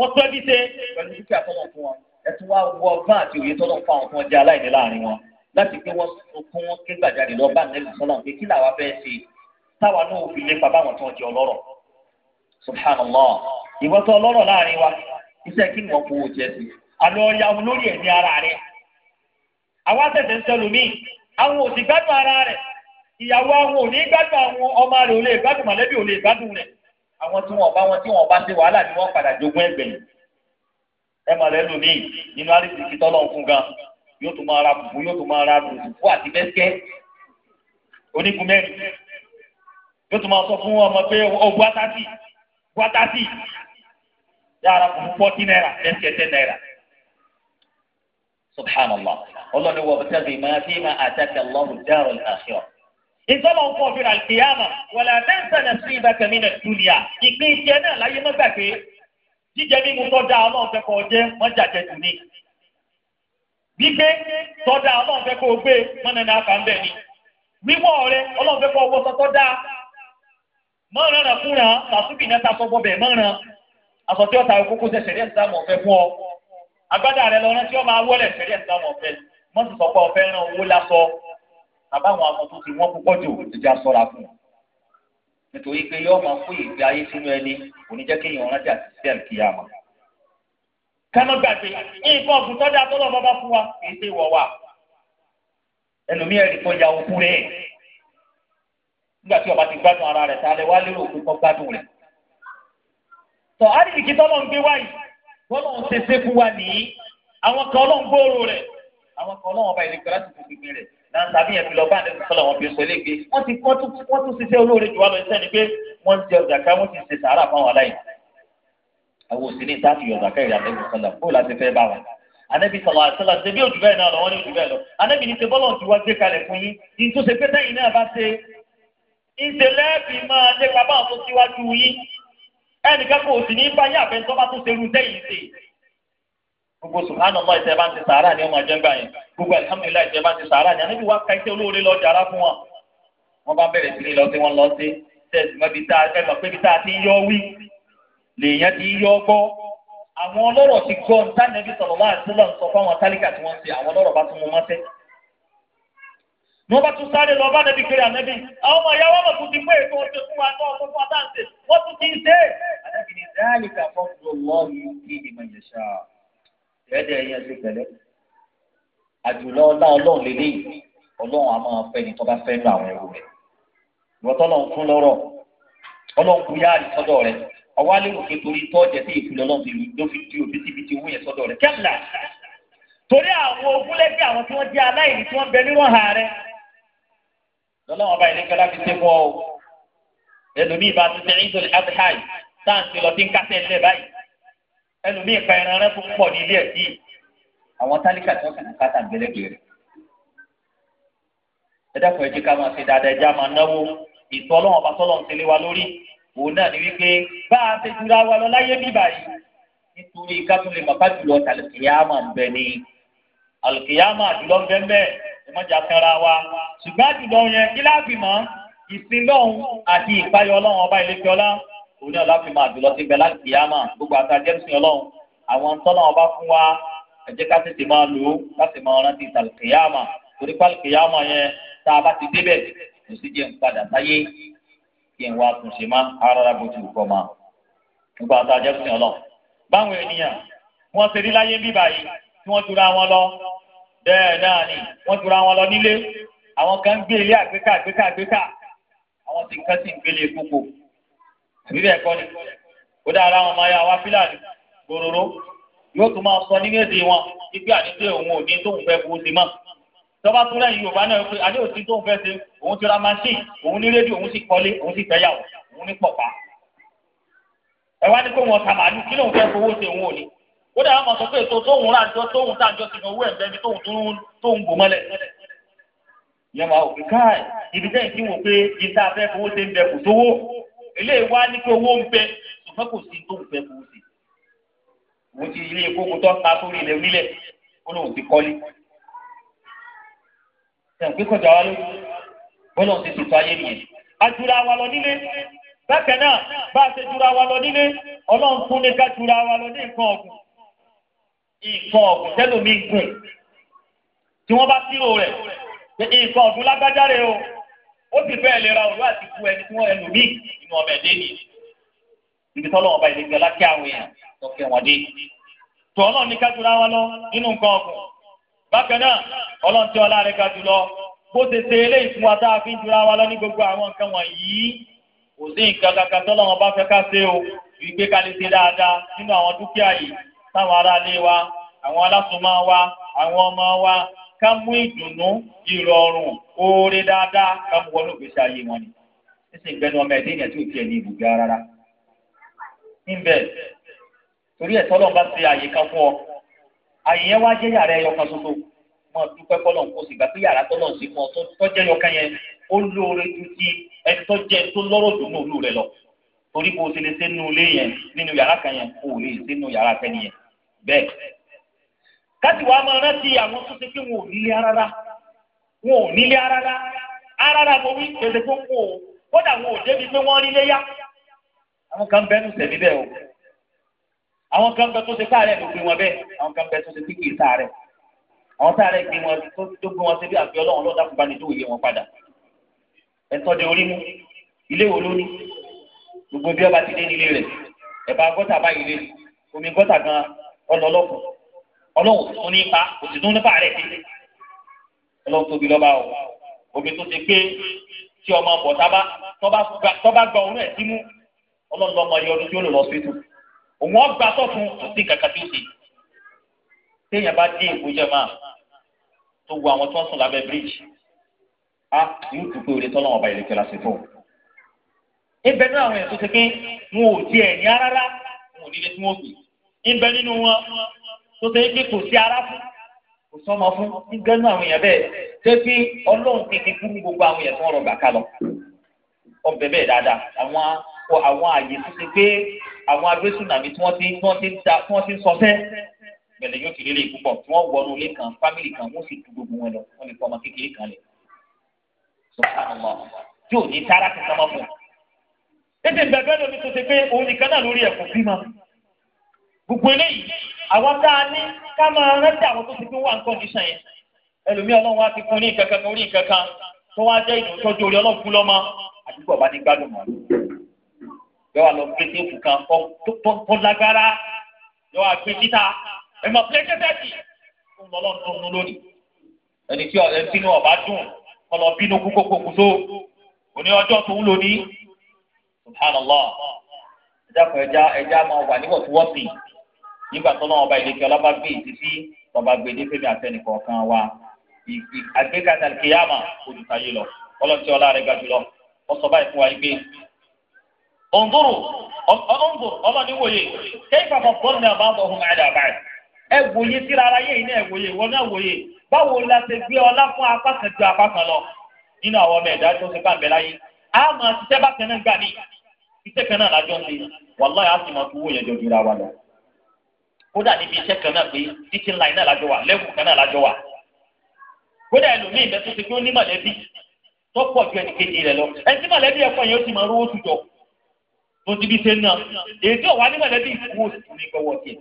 wọ́n tọ́jú ṣe pẹ̀lú dúkìá tọ́lọ̀ fún wọn ẹ wá wọ ọgbọ́n àti òye tọ́lọ̀ fún àwọn tí wọ́n jẹ́ aláìní láàrin wọn láti pé wọ́n sunkún wọn ké gbàjarè lọ bá nẹ́ẹ̀sì sọ́nà pé kí làwa fẹ́ ṣe táwa náà fi lépa báwọn tó ń jẹ ọlọ́rọ̀ subhanallah ìwọ tó láàrin wa iṣẹ́ kí ni wọ́n kó o jẹ sí àlọ́ ọ̀yà olórí ẹ̀mí ara rẹ̀ àwa tẹ̀sẹ̀ ń sẹlùmí àwọn òsì gbádùn ara rẹ̀ ìyàwó àwọn òní gbádùn àwọn ọmọ rẹ̀ ò àwọn tí wọn bá wọn tí wọn bá ṣe wàhálà ni wọn padà jogún ẹgbẹ̀yìn ẹ mọ̀ lẹ́nu mi nínú àrísìkí tọ́lọ̀ ń fún gan yóò tún máa ra bùbú yóò tún máa ra bùbú àti bẹ́sẹ̀ onígun mẹ́rin yóò tún máa sọ fún ọmọ pé ó buwátásì buwátásì yàrá bùbú fọ́tí náírà bẹ́sẹ̀ tẹ́ náírà subhanallah ọlọ́ni wọ́n bẹ́tẹ́ bí máa fi máa àtàkì allahu dárò àṣírọ̀ ìtọ́lọ̀ ń fọ́ fìrà kìyàmà wàlà àtẹ́sẹ̀ náà sí ibà kẹ́mi náà dúnìyà ìpín tiẹ̀ náà láyé má gbàgbé jíjẹ mímu tọ́jà ọlọ́run fẹ́ kọ́ jẹ́ wọ́n jàjẹ́ tù ní. gbígbé tọ́jà ọlọ́run fẹ́ kọ́ gbé mọ́nà ní afa ń bẹ̀ ni. wíwọ́ rẹ ọlọ́run fẹ́ kọ́ wọ́sọ tọ́jà mọ́ràn rẹ̀ fúnra tàṣùbì náà ta sọ́gbọ́ bẹ̀ mọ́ràn àsọ̀tí ọ̀tà kókó sẹ̀ sẹ̀rí ẹ̀sìtámù ọ̀fẹ́ fún ọ. agbádá rẹ lọ rántí ọmọ awọ́lẹ̀ sẹ̀rí ẹ̀sìtámù ọ̀fẹ́ mọ́sùsọ̀pọ̀ ọ̀fẹ́ ràn àbáwọn aṣọ tó ti wọ́n púpọ̀ jù ẹja sọ́ra fún wọn. nítorí pé yóò máa fún ìgbé ayé sínú ẹni kò ní kí èèyàn àti sẹ́ẹ̀l kíyà mọ́. kánú gbàgbé nǹkan ọ̀gùn tó dáa tọ́lọ́ fún wa kì í ṣe ara rẹ̀ tálẹ̀ wá lérò òkú kan gbádùn rẹ̀. tọ́ àdìsíkì ń gbé ń ṣe fún wa nìyí àwọn kan ọlọ́run ọba láti náà tàbí yẹn fi lọ bá àdéhùn sọlọ wọn fi sọ léèké wọn ti wọn tún wọn tún ṣiṣẹ́ olóore jù wá lọ iṣẹ́ ni pé wọn ń jẹ ọjàká wọn ti ṣe sàárà fáwọn aláìní àwọn òsì ní ìta fi ọjàká ìrìn àdéhùn sọlọ bóòlù àti fẹ́ bá wọn. anabi sọlọ àṣẹlá ṣe bí òjùbẹ náà lọ wọn ní òjùbẹ lọ anabi ní ṣe bọlọ ti wá gbé kalẹ̀ fún yín ní tó ṣe pé náà bá ṣe gbogbo subhanallah ìtẹ́ bá ń ti sàárà ní ọmọ àjẹgbà yẹn gbogbo alhamdulilayi ìtẹ́ bá ń ti sàárà ní anábì wá ka iṣẹ́ olóore lọ jàrá fún wọn. wọ́n bá bẹ̀rẹ̀ sí ní lọ sí wọn lọ sí tẹ̀sí mọ́bi tá a fẹ́ mọ̀ pé bí tá a ti yọ wí lèèyàn ti yọ gbọ́. àwọn ọlọ́rọ̀ ti gbọ́ ntánẹ́bí sọ̀rọ̀ wá àtúnlọ̀ sọ fáwọn tálíkà tí wọ́n ń àwọn ọlọ́rọ̀ bá tún mú mọ́tẹ́. wọ́n bá tún sáré lọ bá nẹ́bí kiri ànẹ́bí àwọn ọmọ ìyá wọn mọ̀ tún ti pé ètò ọ̀sẹ̀ fún wa náà ọmọ ẹ̀ẹ́dẹ̀ ẹ̀yẹ ṣe pẹ̀lẹ́ àjùlọ ọlá ọlọ́run lélẹ́yìí ọlọ́run a máa fẹ́ ni tó bá fẹ́ nù àwọn ẹrú rẹ̀ ìwọ́tọ́ náà ń fún lọ́rọ̀ ọlọ́run kú yáàrí sọ́dọ̀ rẹ̀ ọwọ́ alẹ́ òkè torí tọ́jẹ́ tí ìfúnlẹ̀ ọlọ́run ti lò fi di òbí síbi ti owó yẹn sọ́dọ̀ rẹ̀ kẹ́mìlà torí àwọn ogúnlẹ́gbẹ́ àwọn tí wọ́n jẹ́ aláìní tí wọ́n bẹ níwọ̀n hà rẹ̀ lọ́lọ́run ọba ìlẹ́kẹ́ láti ṣe fún ọ ẹlòmíì bá ti tẹ̀ ní ìtòlẹ́ àbíháì táǹtì lọ sí ń kásẹ̀ ńlẹ̀ báyìí ẹlòmíì ka ẹran rẹ tó ń pọ̀ ní ilé ẹ̀sìn yìí àwọn tálíkà tó kàn ká tà gbẹlẹgbẹ rẹ ẹ dákun ẹjẹ ká máa ṣe dáadáa ẹjẹ á máa náwó ìtọ́ ọlọ́run ọba tọ́lọ́run ti lé wa lórí òun náà ni wípé bá a ṣe jura wa lọ láyé bí báyìí nítorí ká tún jùlọ tàlùkìyàmà ń bẹ ni àlùkìyàmà jùlọ ń bẹ ń bẹ ẹ mọ̀jà wa ṣùgbọ́n àjùlọ yẹn kí láàbì mọ́ àti ìpayọ̀ ọlọ́run ọba ìlẹ́fẹ́ òun náà láti máa dùn lọ sí bẹ́ẹ̀ láti kìyàmà gbogbo àti ajẹ́sìn ọlọ́run àwọn tọ́lọ́ ọba fún wa ẹ jẹ́ ká tètè máa lò ó ká sì máa rántí ìtàlùkìyàmà torí pàlùkìyàmà yẹn tá a bá ti débẹ̀ kò sí jẹun padà sáyé kí n wá túnṣe má arára bó ti kọ́ ma gbogbo àti ajẹ́sìn ọlọ́run báwọn ènìyàn wọ́n ṣe rí láyé bíbá yìí tí wọ́n tura wọn lọ bẹ́ẹ̀ náà ni wọ́n tura wọn lọ nílé àwọn kan gbé ilé àgbéká àgbéká àgbéká àwọn ti kán gbélé kókó àbí bẹ́ẹ̀ kọ́ ni kó dáa láwọn ọmọ ayáwa fílàní gbòòrò yóò tún máa sọ nínú èdè wọn ibi àdídé òun ò ní tóun fẹ́ kó ti mọ́ tọ́ba tún lẹ́yìn yorùbá náà pé adé òsín tóun fẹ́ ṣe òun ti ra machine òun ní rédíò òun sì kọ́lé òun sì fẹ́yàwó òun ní pọ̀pá ẹ wá ní kó wọn ta màálù kí lóun fẹ́ fowó ṣe òun ò ní ó dáa máa sọ pé ètò tóun rájọ tóun tájọ ti fowó ẹ̀gbẹ́ mi tóun tóun bò mọ́lẹ̀ ìyẹn máa wò pé ibi tẹ́yìn tí wò pé ìta fẹ́ fowó ṣe ń bẹ kò sówó eléyìí wá ní pé owó ń bẹ ṣùgbọ́n kò sí tó ń bẹ kò sí. mo ti ilé ìkókò tó ta sórí ilẹ̀ onílẹ̀ ó lóun ti kọ́lé. ẹ̀hún pé kọjá wa ló bọ́lá òun ti ṣètò ayé nìyẹn. a jura wa lọ nílé bákan náà bá a ṣe jura wa lọ nílé ọlọ́run fún ní ká jura wa lọ ní nǹkan ọ̀gùn nǹkan ọ̀gùn tẹ́lómi gùn tí wọ́n bá sírò rẹ̀ nǹkan ọ̀gùn lágbájá rẹ̀ o. ó si bẹ́ẹ̀ lè ra òru àti ku ẹni fún ẹlòmíì ọmọ ẹ̀dẹ́ ni ibi tọ́lọ́ ọba ìlẹ́gbẹ́ lákẹ́ àwọn èèyàn tó wọn dé tó ọlọ́run ní wa lọ nínú nǹkan ọ̀gùn bákan náà ọlọ́run tí ọlá rẹ̀ a fi ń jura wa lọ ní gbogbo àwọn nǹkan wọ̀nyí kò sí nǹkan kankan o ìgbé kalẹ̀ ṣe dáadáa nínú àwọn dúkìá yìí táwọn aráalé wa àwọn alásùnmọ́ ọmọ wa ká mú ìdùnnú ìrọ̀rùn oore dáadáa ká mú wọnú ìgbésí ayé wọn ni nísìnyí gbẹnu ọmọ ẹdín yẹn tí ò tiẹ̀ ní ibùgbé rárá níbẹ̀ torí ẹ̀ tọ́lọ́ bá ṣe àyè kan fún ọ àyè yẹn wá jẹ́ yàrá ẹyọ kan ṣoṣo mo dúpẹ́ kọ́lọ̀ kó sì gbà pé yàrá tọ́lọ̀ sí fún ọ tó jẹ́ yọ kan yẹn ó lóore ju ti ẹni tó jẹ́ tó lọ́rọ̀ dùn ní òlù lọ torí kò ṣe lè ṣe nínú ilé yẹn nínú yàrá kan yẹn kò lè ṣe nínú yàrá kan bẹ́ẹ̀ káti wàá máa rántí àwọn tó ti pé wọn ò nílé arára wọn ò nílé arára arára mo wí pèsè fún wọn o kódà wọn ò débi pé wọn rí léyà àwọn kan bẹ nù sẹbi bẹ́ẹ̀ o àwọn kan bẹ tó ṣe sáà rẹ ló gbé wọn bẹ́ẹ̀ àwọn kan bẹ tó ṣe pípé sáà rẹ àwọn sáà rẹ gbé wọn tó gbé wọn síbi àfi Ọlọ́run lọdà fún bani tó yẹ wọn padà ẹtọ de orí mu ilé wo ló ní gbogbo bí ọba ti dé nílé rẹ ẹ̀bà gọ́tà báyìí lé omi gọ́tà gan ọlọlọpọ ọlọ́run tún nípa kò sì tún nípa rẹ̀ dé ọlọ́run tóbi lọ́ba o omi tó ti pé tí ọmọ bọ̀ tábà tọ́ba gba òun ẹ̀ sí mú ọlọ́run lọ́mọ yọ ọdún tí ó lò lọ sí tù òun ọgbà sọ́tún kò sí kankan tí ó sì téèyàn bá dé èkó jẹ máa tó wo àwọn tí wọ́n sùn lábẹ́ bíríìjì á yóò tún pé òde tọ́lọ́wọ́n ọba ìlẹ̀kẹ́ la ṣe fún un. ibẹ̀ nínú àwọn èèyàn tó ti pé wọn ò tiẹ̀ ní rárá wọn ò nílé tí wọ́n gbé ibẹ̀ nínú wọn tó ṣe é pé kò sí ara fún kò sọmọ fún ní gánú àwọn èèyàn bẹ́ẹ̀ ṣé kí ọlọ́run ti ti fún gbogbo àwọn èèyàn tó ń rọgbà ká lọ ọbẹ̀ bẹ́ẹ̀ dáadáa àwọn kọ àwọn àyè tó ṣe pé àwọn agbésùnàmí tí wọ́n ti ń sọfẹ́ bẹ̀rẹ̀ yóò ti rere púpọ̀ tí wọ́n wọnú ilé kan fámìlì kan wọ́n sì du gbogbo wọn lọ wọ́n lè fọ ọmọ kékeré kan lẹ̀ sọ̀tàmọ́ tí ò ní sára ti sọmọ fún un. tètè gbàgbé lómi tó ṣe pé òun nìkan náà lórí ẹ̀kọ́ bímọ gbogbo eléyìí àwọn tá a ní ká máa rántí àwọn tó ti fi wà nǹkan níṣàn yẹn ẹlòmíì ọlọ́run wá ti fún ní nǹkan kan orí nǹkan kan tó wá jẹ́ ìdùnnú tọ́jú orí ọlọ́run fún lọ́mọ àdúgbò ọba ní gbádùn mọ́ yọ wà lọ gbé téèpù kan tó lágbára yọ wà gbé títà ẹ mọ pílẹ́tẹ́ tẹ́tì fún ọlọ́run tó nú lónìí ẹni tí ẹ bínú ọba dùn ọlọ bínú kúkókókó tó òní ọjọ́ tó ń lò ní subhanallah ẹja kan ẹja ẹja máa wà níwọ̀ntúnwọ̀nsìn nígbà tó lọ́wọ́ ọba ìlẹ́kẹ́ ọlọ́ba gbé ìtìsí ọba gbèdé fẹ́mi àtẹnìkọ̀ kan wa àgbékalẹ̀ àkèyàmà olùtayé lọ ọlọ́tí ọlá rẹ̀ ga jùlọ ọsọ báyìí fún wa yìí gbé. òǹdùrù òǹdùrù ọlọ́ni wòye kẹ́yìn pàpọ̀ bọ́ọ̀lù náà bá bọ̀ fún àdá báyìí. ẹ wòye síra ara yẹn iná ẹ wòye ìwọ náà wòye báwo la ṣe gbé ọlá fún apá kan ju apá kan lọ nínú àwọn ọmọ ẹ̀dá tó ṣe bá ń bẹ láyé a máa ṣiṣẹ́ bákan náà gbà ní iṣẹ́ náà lájọ́ ń kódà níbi iṣẹ́ kan náà pé títí ńlá iná lájọ wà lẹ́wù kan náà lájọ wà kódà ẹlòmíì bẹ tó ti pé ó ní mọ̀lẹ́bí tó pọ̀ ju ẹnìkejì rẹ̀ lọ ẹni tí mọ̀lẹ́bí ẹ̀kọ́ yẹn ó ti máa rówó tùjọ tó ti bí ṣe náà èyí tí òwà ní mọ̀lẹ́bí ìkúwò sì ní gbọ́wọ́ tiẹ̀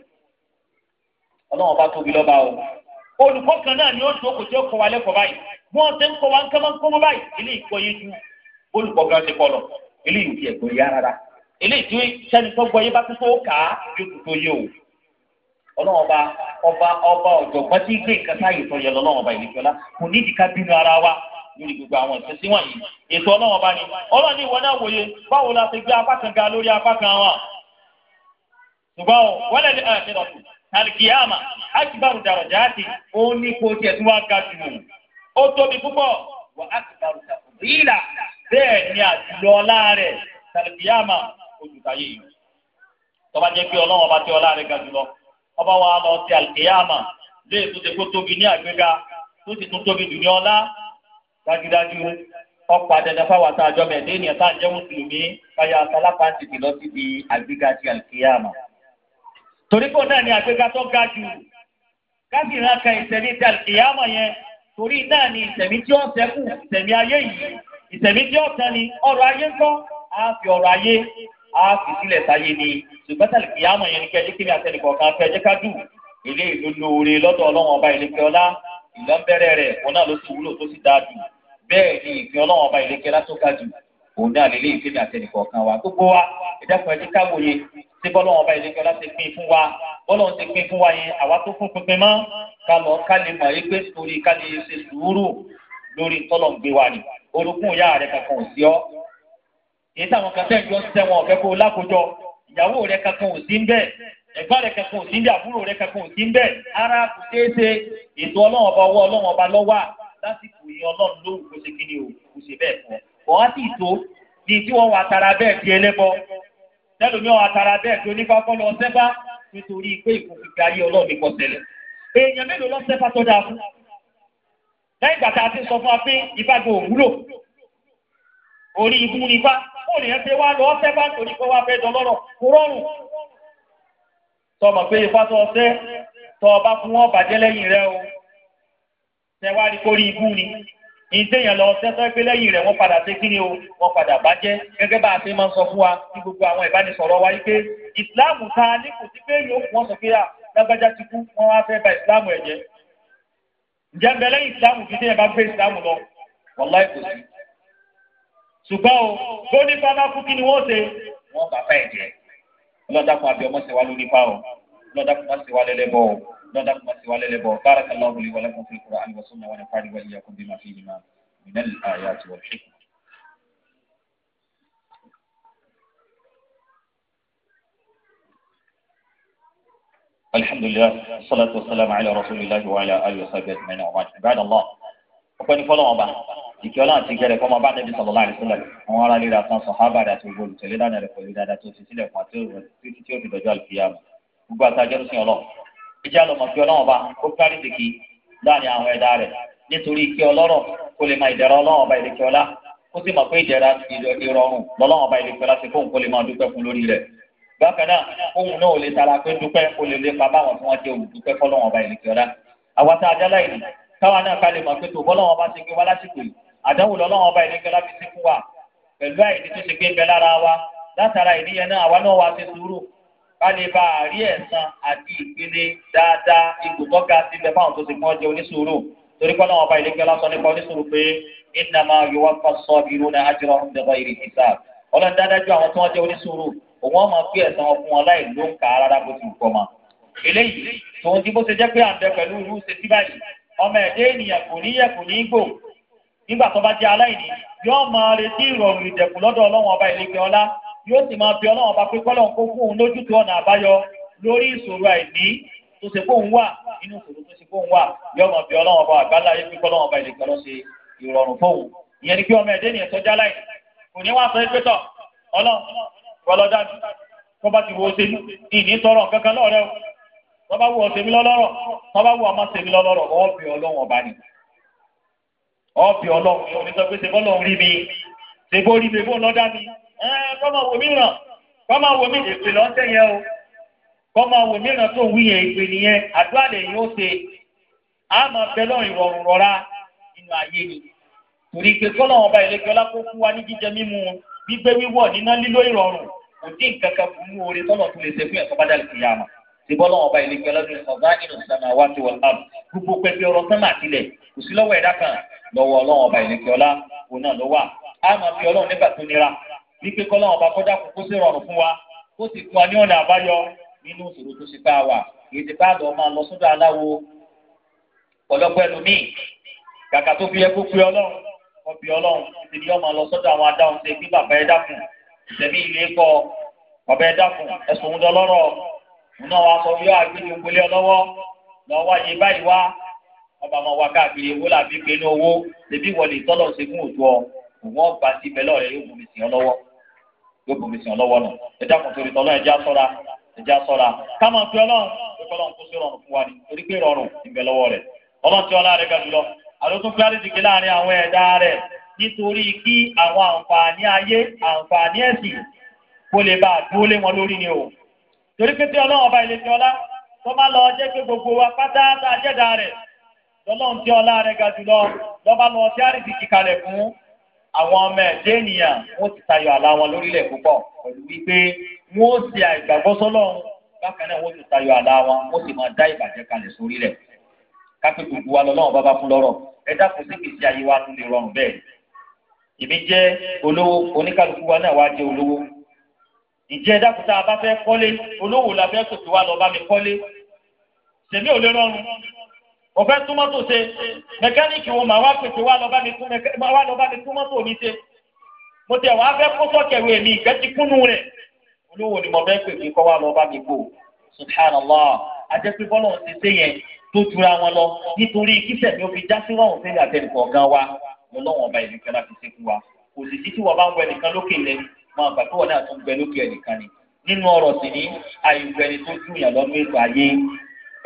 ọlọ́run bá tóbi lọ́ba o olùkọ́ kan náà ni ó tó kò tí ó kọ́ wa lẹ́kọ̀ọ́ báyìí bí wọ́n ti ń kọ́ wa ń kọ́ máa ń kọ́ mọ́ báyìí ilé ìkọ́ yé ju olùkọ́ gan ti kọ́ lọ ilé ìwé ẹ̀gbọ́n yá rárá ilé ìtúwé sẹ́ni tó gbọ́ yé ọlọ́wọ́n ọba ọba ọ̀jọ̀gbọ́n tí gbé nǹkan sáyè tó yẹ lọ́wọ́n bá ìlẹ́jọ́lá kò ní ìdíkà bínú ara wa lórí gbogbo àwọn ìṣesí wọ̀nyí ètò náà wòye báwo la ti kan ga lórí apá kan ṣùgbọ́n ní alikiyama akibaru tí wọ́n ga jù ó tóbi púpọ̀ akibaru bẹ́ẹ̀ ni àjùlọ alikiyama yìí ọba wa lọ sí àlùkìyàmà lè tó ṣe kó tóbi ní àgbéga tó sì tún tóbi jù ní ọlá dájúdájú ọ̀pọ̀ àdẹ̀dẹ̀ fáwọn àtàjọ mẹ́ẹ̀dé ènìyàn tá à ń jẹ́ mùsùlùmí káyà sálápá ti dì lọ síbi àgbéga ti àlùkìyàmà. torí kò náà ní àgbéga tó ga jù káàkiri náà kan ìsẹ̀mí ti àlùkìyàmà yẹn torí náà ní ìsẹ̀mí tí ó ṣẹ́kù ìsẹ̀mí ayé yìí ìsẹ̀mí tí ó tán ọrọ̀ ayé ń á fi ọrọ̀ ayé A fi sílẹ̀ sáyé ni ṣùgbọ́n tàbí kìí àmọ̀ yẹn ni kẹjẹ́ kí ni àtẹnìkọ̀ kan kẹjẹ́ ká dùn ilé ìlú lóore lọ́dọ̀ ọlọ́run ọba ìlẹ́kẹ́ ọlá ìlọ́nbẹ̀rẹ̀ rẹ̀ òun náà ló sì wúlò tó sì dáa jù bẹ́ẹ̀ ni ìpín ọlọ́run ọba ìlẹ́kẹ́ látọ́ka jù òun náà lélẹ́ ìpín àtẹnìkọ̀ kan wa gbogbo wa ìdákùn ẹjẹ́ ká wòye tí bọ́lọ́run ọba ìlẹ́kẹ́ ọlá ti pín fún kì í sáwọn kan sẹ́yìn jọ ń sẹ́wọ̀n ọ̀fẹ́ kó o lákòjọ ìyàwó rẹ kankan ò sí ń bẹ́ẹ̀ ẹ̀gbọ́n rẹ kankan ò sí ń bẹ́ẹ̀ àbúrò rẹ kankan ò sí ń bẹ́ẹ̀ ara kò ṣeé ṣe ètò ọlọ́run ọba ọwọ́ ọlọ́run ọba lọ́wọ́ lásìkò yìí ọlọ́run ló wù kó ṣe kí ni o kò ṣe bẹ́ẹ̀ fún ọ. kò wá sí ìtò ní tí wọ́n wà tara bẹ́ẹ̀ fi ẹlẹ́bọ tẹ́lómi wà orí ibú ni bá fóònù yẹn ṣe wá lọ ọ̀sẹ̀ bá torí pé wàá fẹ́ dọlọ́rọ̀ kó rọrùn tọmọ pé ifá tó ọ̀sẹ̀ tọ ọba fún wọn bàjẹ́ lẹ́yìn rẹ o ṣe wá rí kórí ibú ni ìdéyàn lọ ọ̀sẹ̀ tó gbé lẹ́yìn rẹ wọn padà ṣe kíni o wọn padà bàjẹ́ gẹ́gẹ́ bá a ṣe máa ń sọ fún wa ní gbogbo àwọn ìbánisọ̀rọ̀ wa yìí pé ìsìláàmù ta ní kò sí pé yóò fún wọn sọ pé à lágbájá ti kú wọn wá fẹ́ ba ìsìláàmù ẹ̀ jẹ́ ǹjẹ́ bẹ́ẹ̀ lẹ́yìn ìsìláàmù fi dé ẹ̀ bá gbé ìsìláàmù lọ wàláì kò sí ṣùgbọ́n o bó nípa bá kú kí ni wọ́n ṣe wọ́n bá fẹ́ jẹ lọ́dàkùn àbí ọmọ ṣe wá ló nípa o lọ́dàkùn má ṣe wá lẹ́lẹ́bọ̀ o lọ́dàkùn má ṣe wá lẹ́lẹ́bọ̀ barakallahu li wa lakum fil Qur'ani wa sunnah wa nafa'ani wa iyyakum bima fihima minal ayati wal hikmah. الحمد لله والصلاة والسلام على رسول الله وعلى آله وصحبه أجمعين وبعد عباد الله وكان فلان ìkẹ́ ọlọ́run ti gẹ̀rẹ̀ kọ́ máa bá nẹ́bí sallallahu alaihi wasallam àwọn ará líra tán sọ hábàdà tó gbòòrò tẹ̀lé dáná rẹ̀ pẹ̀lú dáadáa tó ti sílẹ̀ fún àti òwò títí tí ó fi dọ̀jọ́ àlùfíàmù gbogbo àtàjọ́ sí ọlọ́run ìjà lọ́mọ kí ọlọ́run bá ó kárí tìkì láàrin àwọn ẹ̀dá rẹ̀ nítorí kí ọlọ́rọ̀ kó lè máa ìdẹ̀rọ ọlọ́run ọba ìlẹ̀kẹ́ ọlá kó sì mọ̀ pé ìdẹ̀ra ìrọ̀rùn lọ́lọ́run ọba ìlẹ̀kẹ́ ọlá ti fóun kó lè máa káwọn náà ká mọ̀ pé tó bọ́lọ́run ti gbé wá lásìkò yìí àdánwò lọ́lọ́wọ́n ọba ìdíkẹ́lá fi síkú wa pẹ̀lú àìní tó ṣe gbé bẹ lára wa látara ìníyẹn náà àwa náà wá sí sùúrù ká lè bá a rí ẹ̀san àti ìpele dáadáa ipò tó ga sí bẹ fáwọn tó ti pọ́n jẹ onísùúrù torí pé lọ́wọ́ ọba ìdíkẹ́lá sọ nípa onísùúrù pé innama yuwaffas-sabiruna ajrahum bighayri hisab ọlọ́run dájú àwọn tó wọ́n jẹ́ onísùúrù òun ọmọ pé ẹ̀san wọn fún wọn láì ló ń kà á rárá bó ti kọ́ ma. eléyìí tòun ti bó ṣe jẹ́ pé àbẹ pẹ̀lú irú ṣe sí ọmọ ẹ̀dẹ́ ènìyàn kò ní yẹ kò ní gbò nígbà tó bá jẹ́ aláìní yóò máa retí ìrọ̀rùn ìdẹ̀kùn lọ́dọ̀ ọlọ́run ọba ìlẹ́gbẹ̀ẹ́ ọlá yóò sì máa bí ọlọ́run ọba pé kọ́lọ́run kó fún òun lójútùú ọ̀nà àbáyọ lórí ìṣòro àìní tó ṣe fóun wà nínú ìṣòro tó ṣe fóun wà yóò máa bí ọlọ́run ọba àgbálá yẹ pé kọ́lọ́run ọba ìlẹ́gbẹ̀ẹ́ lọ ṣe ìrọ̀rùn fóun ìyẹn ni pé ọmọ ẹ̀dẹ́ nìyẹn tọ́jà láì kò ní wá sọ pé tọ̀ ọlọ́run wọlọ́dá mi tó bá ti wo ṣe ìní tọrọ ọ̀bì ọlọ́run yóò ní sọ pé ṣe bọ́lọ̀ rí mi ṣe bó rí mi bó lọ́dá mi kọ́mọ wò mí ràn kọ́mọ wò mí èpè lọ́sẹ̀ yẹn o kọ́mọ wò mí ràn tó wí yẹn èpè nìyẹn àdúrà lẹ́yìn ó ṣe á máa bẹ lọ́rùn ìrọ̀rùn rọra nínú ayé ni torí pé kọ́lọ́run ọba ìlẹ́kẹ́ ọlá kó fún wa ní jíjẹ mímu gbígbé wíwọ̀ níná lílo ìrọ̀rùn kò dín nǹkan kan fún un oore tọ́lọ̀ tó lè ṣe fún ẹ̀kọ́ bá dàlù kìyà mà síbọ́ lọ́wọ́ ọba ìlẹ́kẹ́ ọlọ́dún ọ̀gá ìrọ̀sánà wá sí wọ́n láàbù gbogbo pẹpẹ ọ̀rọ̀ sánmà tilẹ̀ kò sí lọ́wọ́ ẹ̀dá kan lọ́wọ́ ọlọ́run ọba ìrèké ọla òun náà ló wà á máa fi ọlọ́run nígbà tó nira wípé kọ́lọ́run ọba kọjá kó kó sí rọrùn fún wa kó sì fún wa ní ọ̀nà àbáyọ nínú ìṣòro tó ṣe bá wa èyí ti bá lọ aláwo ẹlòmíì kàkà tó fi ẹkú fi ọlọ́run ọlọ́run ti ọmọ lọ àwọn adáhùn ṣe bí bàbá ẹ dákun ilé kọ bàbá ẹ dákun ẹ̀sùn ọba ọmọ wa káàkiri owó làbí pé ní owó lèbí wọlé tọ́lọ̀ ṣe fún òtún ọ òun ọba sí bẹ́lẹ̀ rẹ yóò bomi sìn ọ lọ́wọ́ yóò bomi sìn ọ lọ́wọ́ nù ẹja kò torí tọ́lọ́ ẹja sọ́ra ẹja sọ́ra kámọ̀ fi ọlọ́run pé kọ́lọ́run kó sí rọrùn fún wa ni torí pé rọrùn ìbẹ̀ lọ́wọ́ rẹ̀ ọlọ́run tí ọlá rẹ̀ ga jùlọ àlótún fi àrísìkí láàrin àwọn ẹ̀dá rẹ̀ nítorí kí àwọn àǹfààní ayé àǹfààní ẹ̀sìn kó lè bá dúró lé wọn lórí ni o torí pé tí ọlọ́run ọba ìlẹ̀kẹ́ ọlá tó má lọ jẹ́ pé gbogbo wa pátá tá a jẹ́dá rẹ̀ lọ́lọ́run tí ọlá rẹ̀ ga jùlọ lọ́ba lọ sí àrísìkí kalẹ̀ fún àwọn ọmọ ẹ̀dẹ́ ènìyàn wọ́n ti tayọ àlá wọn lórílẹ̀ púpọ̀ pẹ̀lú wípé wọ́n ó ṣe àìgbàgbọ́ sọ́lọ́run bákan náà wọ́n ti tayọ àlá wọn wọ́n sì máa dá ìbàjẹ́ kalẹ̀ sórílẹ̀ kápẹ́ gbogbo wa lọ́lọ́run bá bá fún lọ́rọ̀ ẹ dákun sí kìsì ayé wa tún lè rọrùn bẹ́ẹ̀ èmi jẹ́ olówó oníkálukú wa náà wá jẹ́ olówó ìjẹ́ dákun tá a bá fẹ́ kọ́lé olówó la fẹ́ wa lọ́ọ́ bá mi kọ́lé tèmi ò lè rọrùn mo fẹ́ tún mọ́tò ṣe mẹkáníìkì wo màá wá pèsè wá lọ bá mi tún mọ́tò mi ṣe mo tẹ̀ wá fẹ́ kó sọ́kẹ̀wé mi ìgbẹ́ ti kúnnú rẹ̀ olówó ni mo fẹ́ pè kọ́ wá lọ mi kó subhanallah àjẹpẹ́ bọ́lọ̀ ṣe ṣe yẹn tó jura wọn lọ nítorí kíṣẹ̀ mi ò fi já sí wọn òfin àtẹnukọ̀ gan wa lọ́wọ́n ọba ìlú kan láti ṣekú wa kò sì sí tí wọ́n bá ń wẹ nìkan lókè rẹ̀ máa gbà pé wọ́n náà tún gbẹ lókè ẹnìkan ni nínú ọ̀rọ̀ sì ní àìwẹ̀ni tó jù yàn lọ́nú ètò ayé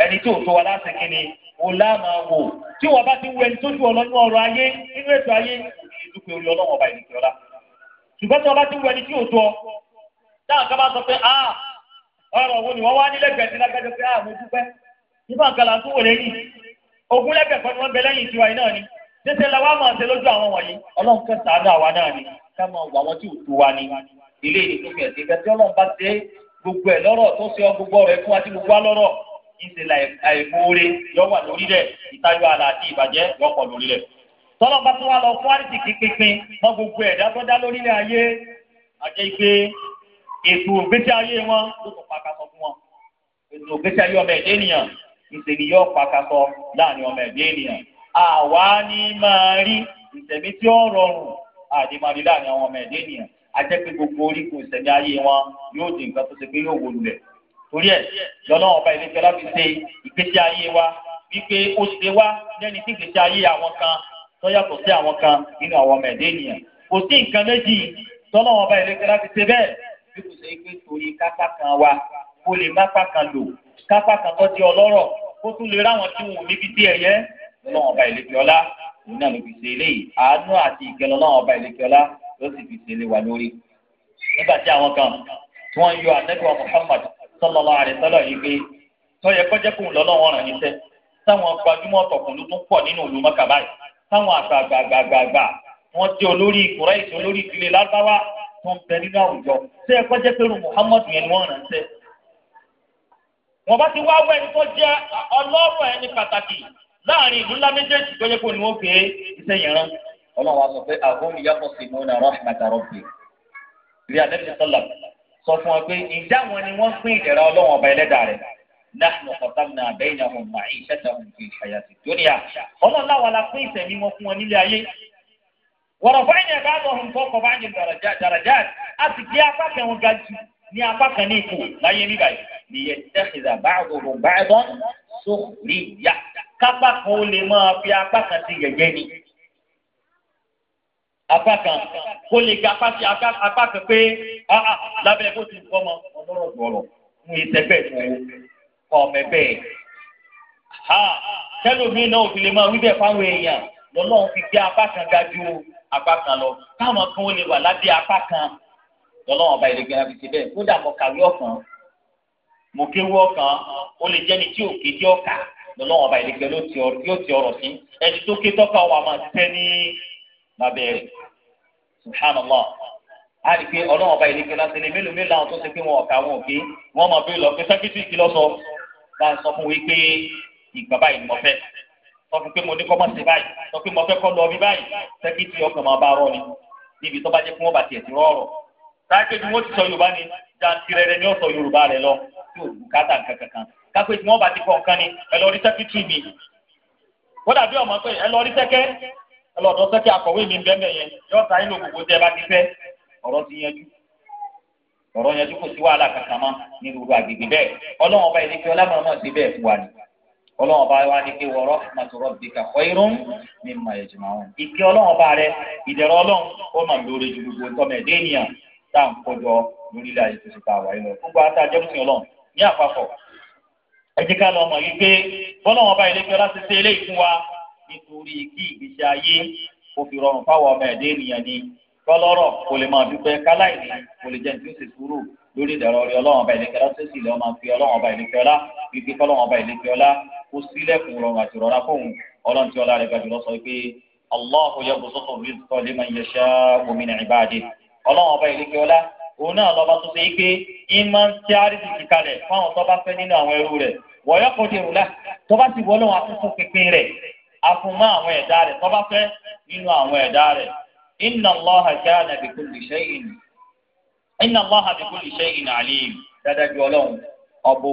ẹni tí òótọ́ wa láti kíni o láàmà wò tí wọ́n bá ti wọ ẹni tó ju ọlọ́nú ọrọ̀ ayé nínú ètò ayé ìdúpẹ́ orí ọlọ́wọ́ ọba ìdíkẹ́ ọlá ṣùgbọ́n tí wọ́n bá ti wọ ẹni tí ọ. táwọn kan bá sọ pé ah ọrọ̀ wo ni wọ́n wá nílẹ̀ gbẹ̀dẹ̀ lágbẹ́dẹ́ pé ah mo dúpẹ́ nígbà kan là ń lẹ́yìn kan ni wọ́n bẹ ni la wa náà ni ká máa tí ìṣẹ̀lẹ̀ àìmóore yọ wà lórí rẹ̀ ìtayọ àlà àti ìbàjẹ́ yọ pọ̀ lórí rẹ̀. tọ́lọ́ba tó wá lọ fún àrísìkí pínpín mọ́ gbogbo ẹ̀dá tó dá lórílẹ̀ ayé àjẹ́ ìpè ètò ògbésí ayé wọn ló tó pa kakọ fún wọn ètò ògbésí ayé ọmọ ẹ̀dá ènìyàn ìṣèlú yọ pa kakọ láàrin ọmọ ẹ̀dá ènìyàn àwa ní máa rí ìṣẹ̀mí tí ó rọrùn àdìmọ́lì láàrin àwọn ọmọ ẹ̀dá ènìyàn àjẹ́ pé gbogbo orígun ìṣẹ̀mí ayé wọn yóò di nǹkan tó ṣe torí ẹ lọ́lọ́run ọba ìlẹsẹ láti ṣe ìgbésí ayé wa wípé ó ṣe wá lẹ́ni tí ìgbésí ayé àwọn kan tó yàtọ̀ sí àwọn kan nínú àwọn ọmọ ẹ̀dá ènìyàn kò sí nǹkan méjì tọ́lọ́run ọba ìlẹsẹ láti ṣe bẹ́ẹ̀ bí kò ṣe pé torí kápá kan wa kó lè má pàkan lò kápá kan tó di ọlọ́rọ̀ kó tún lè ráwọn tí wọn ò níbi tí ẹ̀yẹ lọ́wọ́n ọba ìlẹ́kẹ̀ ọlá òun náà ló fi ṣe eléyìí àánú àti ìkẹlẹ ọlọ́wọ́n ọba ìlẹ́kẹ̀ ọlá ló sì Muhammad sallallahu alaihi wasallam yìí pé tọ́yẹ kọjá kóun lọ́lọ́wọ́ ràn níṣẹ́ táwọn gbajúmọ̀ tọkùn ló tún pọ̀ nínú ìlú Mẹ́kà báyìí táwọn àgbààgbààgbà wọ́n jẹ́ olórí Quraish olórí ìdílé lárúbáwá tó ń bẹ nínú àwùjọ tọ́yẹ kọjá pẹ̀lú Muhammadu yẹn ni wọ́n ràn níṣẹ́. wọ́n bá ti wá wẹ́ ẹni tó jẹ́ ọlọ́rọ̀ ẹni pàtàkì láàrin ìlú ńlá méjèèjì tó kó ni wọ́n gbé iṣẹ́ yẹn rán ọlọ́run wa sọ pé àhóhùn yàtọ̀ sọ fún wọn pé ìjà wọn ni wọ́n pín ìdẹ̀ra ọlọ́wọ́n ọba ẹlẹ́dàá rẹ̀ nahnu qasamna baynahum ma'ishatahum fil hayati dunya ọlọ́run láwa la pín ìsẹ̀mí wọn fún wọn nílé ayé warafa'na ba'dahum fawqa ba'din darajat a sì gbé apá kan wọn ga jù ní apá kan ní ipò láyé bíbá yìí liyattakhidha ba'duhum ba'dan sukhriyyah kápá kan ó lè máa fi apá kan ti yẹ̀yẹ́ ni apá kan kó lè ga apá sí apá kan pé ah, ah, lábẹ́ bó ti fọ́ ọmọ ọlọ́rọ̀ gbọ̀rọ̀ fún ìtẹ́gbẹ́ ìfowó kọ́ ọmọ ẹgbẹ́ ẹ̀. tẹ́lómìn náà òfin lè máa wí bẹ́ẹ̀ fáwọn èèyàn lọ́lọ́run fi gbé apá kan ga ju apá kan lọ táwọn kan ó lè wà lábẹ́ apá kan lọ́lọ́run ọba ìrẹ́gbẹ́ láti ṣe bẹ́ẹ̀ kódà mo kàwé ọ̀kan mo kéwé ọ̀kan ó lè jẹ́ni tí òkè tí ọ̀kà lọ́lọ́wọ́ ọba ìlẹ́gbẹ́ yóò ti ọ̀rọ̀ sí ẹni tó ké tọ́ka wa máa tẹ́ ní lábẹ́ rẹ̀ subhanallah àti pé ọlọ́wọ́n ọba ìdíkẹ́ láti lè mélòó mélòó àwọn tó ṣe pé wọn ọ̀ka wọn òbí wọn máa bẹ́ẹ̀ lọ pé sẹ́kítì kìlọ̀ sọ bá a sọ fún wí pé ìgbà báyìí ni mo fẹ́ sọ fún pé mo ní kọ́ mọ̀ sí báyìí sọ pé mo fẹ́ kọ́ lọ bí báyìí sẹ́kítì ọkàn máa bá rọ ni níbi tó bá jẹ́ fún wọn bá tiẹ̀ ti rọrọ̀ sáájú ni wọ́n ti sọ yorùbá ni jantirẹrẹ ni wọ́n sọ yorùbá rẹ lọ yóò bùkátà kankan kápẹ́ tí wọ́n bá ti kọ̀ nǹkan ni ẹ lọ rí sẹ́kítì mi kódà bí ọmọ pé ẹ lọ rí sẹ́kẹ́ ẹlọ́dọ̀ sẹ́kì akọ̀wé mi bẹ́ẹ̀ yẹn yọ ta inú gbogbo tẹ́ bá ti fẹ́ ọ̀rọ̀ ti yanjú ọ̀rọ̀ yanjú kò sí wàhálà kankan mọ́ ní gbogbo àgbègbè bẹ́ẹ̀ ọlọ́wọ́n ọba ìdíkẹ́ ọlámọ̀ọ́mọ́ sí bẹ́ẹ̀ fún wa ni ọlọ́wọ́n ọba wa ni pé wọ̀rọ̀ màtòrọ̀ bí kakọ́ irun ní mà ẹ̀jẹ̀ máa wọn. ìkẹ́ ọlọ́wọ́n ọba rẹ ìdẹ̀rọ̀ ọlọ́run ó mà lóore ju nítorí kí ìgbésí ayé kò fi rọrùn fáwọn ọmọ ẹ̀dá ènìyàn ni kọlọ́rọ̀ kò lè máa dúpẹ́ káláìní kò lè jẹ́ ní oṣù sùúrù lórí ìdàrọ̀ orí ọlọ́run ọba ìlẹ́kẹ̀ọ́lá tó sì lọ́ọ́ máa fi ọlọ́run ọba ìlẹ́kẹ̀ọ́lá wípé kọ́lọ́run ọba ìlẹ́kẹ̀ọ́lá kó sílẹ̀kùn rọrùn àti rọra fóun ọlọ́run tí ọlá rẹ̀ gbàdúrà lọ sọ pé allahu min ibadihi ọlọ́run ọba ìlẹ́kẹ̀ọ́lá òun náà lọ́ba tó ṣe é pé ìmọ̀ tí àrísìkì kalẹ̀ fáwọn tó bá fẹ́ nínú àwọn ẹrú afunmọ àwọn ẹ̀dá rẹ̀ tọba fẹ́ nínú àwọn ẹ̀dá re inna Allaha kana bi kulli shay'in inna Allaha bi kulli shay'in alim gbogbo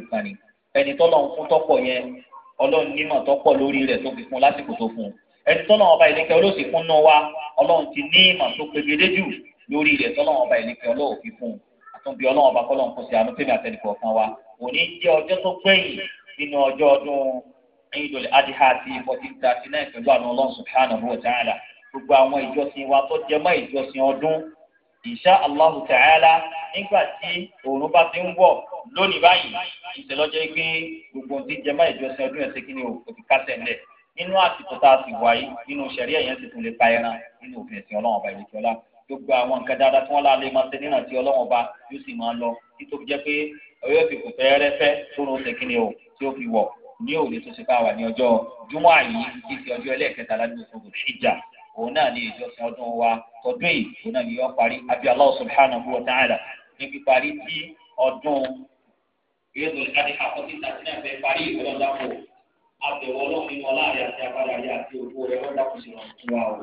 nǹkan ni ẹni tọ́lọ́run fún tọ́pọ̀ yẹn Ọlọ́run nímọ̀ tọ́pọ̀ lórí rẹ̀ tó fi fún lásìkò tó fún ẹni ọba ìlẹ̀kẹ̀ olóòsì fún náà wá ti ní ìmọ̀ tó pegedé jù lórí ọba olóòfin fún ọba Eidul Adha ti fourteen thirty nine pẹ̀lú àwọn ọlọ́run subhanahu wa ta'ala gbogbo àwọn ìjọsìn wa tó jẹ mọ́ ìjọsìn ọdún insha Allahu ta'ala nígbà tí òòrùn bá ti ń wọ̀ lónìí báyìí ìṣèlọ́jọ́ pé gbogbo ti jẹ mọ́ ìjọsìn ọdún ẹ̀sẹ̀ kí ni o ti kásẹ̀ ńlẹ̀ nínú àsìkò tá a sì wáyé nínú sẹ̀ríà yẹn ti tún lè pa ẹran nínú òfin ẹ̀sìn ọlọ́run ọba ìlẹ̀kẹ́ ọlá gbogbo àwọn nǹkan dáadáa tí wọ́n lá lè máa ṣe nínú àti ọlọ́run ọba yóò sì máa lọ nítorí jẹ́ pé ọyọ́ fi kò fẹ́ẹ́rẹ́fẹ́ tó ń ṣe kí o tí ó fi wọ̀ ní òní tó ṣe bá wà ní ọjọ́ júmọ́ àyè kí ti ọjọ́ ẹlẹ́ẹ̀kẹta ládùúgbò fún olùṣèjà òun náà ní ìjọsìn ọdún wa tọdún yìí òun náà ní yọ parí àbí Allah subhanahu wa ta'ala ní píparí tí ọdún ìrètò ìdájí àkọsí tàbí náà fẹ́ parí ìwọlọ́dàpọ̀ àbẹ̀wò ọlọ́run wọn láàrin àti agbára ayé àti òkú rẹ̀ wọ́n dàpọ̀ sí ọ̀run fún wa o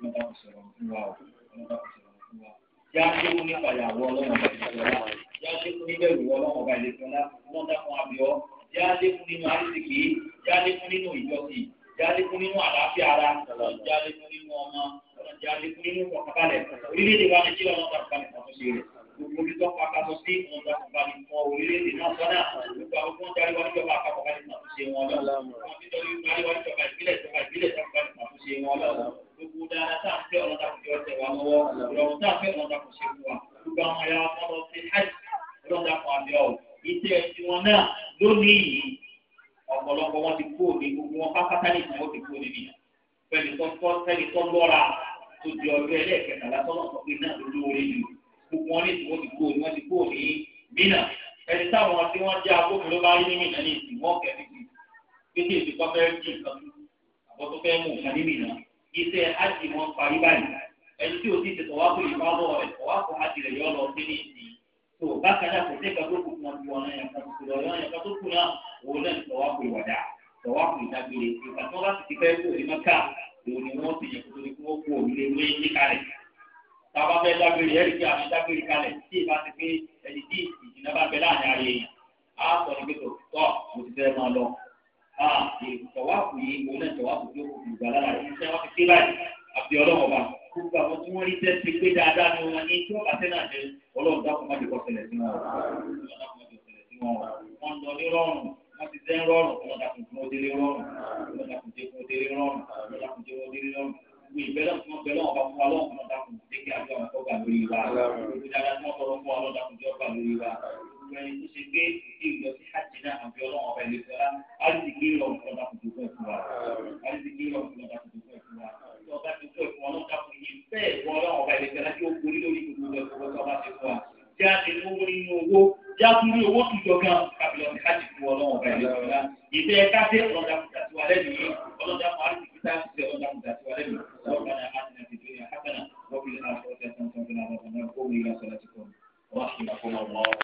wọ́n dàpọ̀ sí ọ̀run fún wa o wọ́n dàpọ̀ sí ọ̀run fún wa. yá yá jáde fún nínú àrísìkì jáde fún nínú ìjọsìn jáde fún nínú àlàáfíà ara jáde fún nínú ọmọ jáde fún nínú kọkàbalẹ̀ orílẹ̀-èdè wa nàìjíríà wọn bá balẹ̀ fún ọmọṣẹ́ rẹ̀ gbogbo bí tó pa kakọ sí wọn bá tó balẹ̀ fún orílẹ̀-èdè náà sọ́nà gbogbo àwọn fún jáde wọn níjọba àpapọ̀ balẹ̀ fún ọmọṣẹ́ wọn lọ wọn bí tọ́lú jáde wọn níjọba ìbílẹ̀ ìjọba ìbílẹ̀ tó balẹ̀ fún ọmọṣẹ́ wọn lọ gbogbo dáadáa tá à ń fẹ́ ọ̀nà iṣẹ́ tiwọn náà lónìí yìí ọ̀pọ̀lọpọ̀ wọn ti kú òde gbogbo wọn pátápátá ní ìsìn wọn ti kú òde nìyà fẹ́ni tọ́tọ́ fẹ́ni tọ́gbọ́ra tó di ọjọ́ ẹlẹ́ẹ̀kẹtàlá tọ́lọ̀ sọ pé náà ló lóore jù gbogbo wọn ní ìsìn wọn ti kú òde wọn ti kú òde mínà ẹni táwọn tí wọ́n jẹ́ agbófinró bá rí ní mínà ní ìsìn wọn kẹ́mi kì kéde èsì kọ́ fẹ́ẹ́ jí nǹkan tú àbọ̀ tó fẹ́ẹ́ mú nǹkan ní mínà iṣẹ́ ájì wọn parí báyìí ẹni tí tó bákan náà kò sẹ́ka tó kù fún ọdún ọ̀nà yẹn kan tó lọ ọ̀nà yẹn kan tó kù náà òun náà tọ̀wá kò wàdà tọ̀wá kò ìdágbére ìgbà tó bá ti ti fẹ́ kó ìmọ̀ ká lòun ni wọ́n ti yẹ kó tóbi kó kó òrùlé wé ní kalẹ̀ tába fẹ́ dágbére ẹ̀rí kí àmì dágbére kalẹ̀ tí ìbá ti pé ẹni tí ìjìnà bá bẹ láàrin ara èèyàn á sọ ní pé tòótọ́ mo ti fẹ́ máa lọ tọ̀wá kò yí òun náà tọ̀wá kò tó kù ìgbà gbogbo àwọn tí wọ́n rí tẹ́sí pé dáadáa ni wọ́n ní tí wọ́n bá tẹ́ náà jẹ ọlọ́run dákun má jẹ́kọ̀ ṣẹlẹ̀ sí wọn wọ́n lọ ní rọrùn wọ́n ti dẹ́ rọrùn wọ́n dákun tí wọ́n délé rọrùn wọ́n dákun tí wọ́n délé rọrùn wọ́n dákun tí wọ́n délé rọrùn gbogbo ìbẹ́lẹ̀ tí wọ́n bẹ̀rẹ̀ ọba fún wa lọ́wọ́ wọn dákun jẹ́ kí àjọ àwọn tọ́gbà lórí wa gbogbo dáadáa tí wọ́n tọrọ fún wa tí ọba ti tó ìfún ọlọ́run ká fún yín bẹ́ẹ̀ ìfún ọlọ́run ọba ìlẹ̀kẹ́ láti ó borí lórí gbogbo ẹ̀kọ́ tó ọba ti fún wa já ti lówó nínú owó já tún ní owó tún jọ gan kàbílọ̀ ní káàdì fún ọlọ́run ọba ìlẹ̀kẹ́ lá ìfẹ́ káṣẹ́ ọlọ́dà kùtà tí wà lẹ́nu yìí ọlọ́dà pàrọ̀ kùtà tí ọlọ́dà kùtà tí wà lẹ́nu ọlọ́dà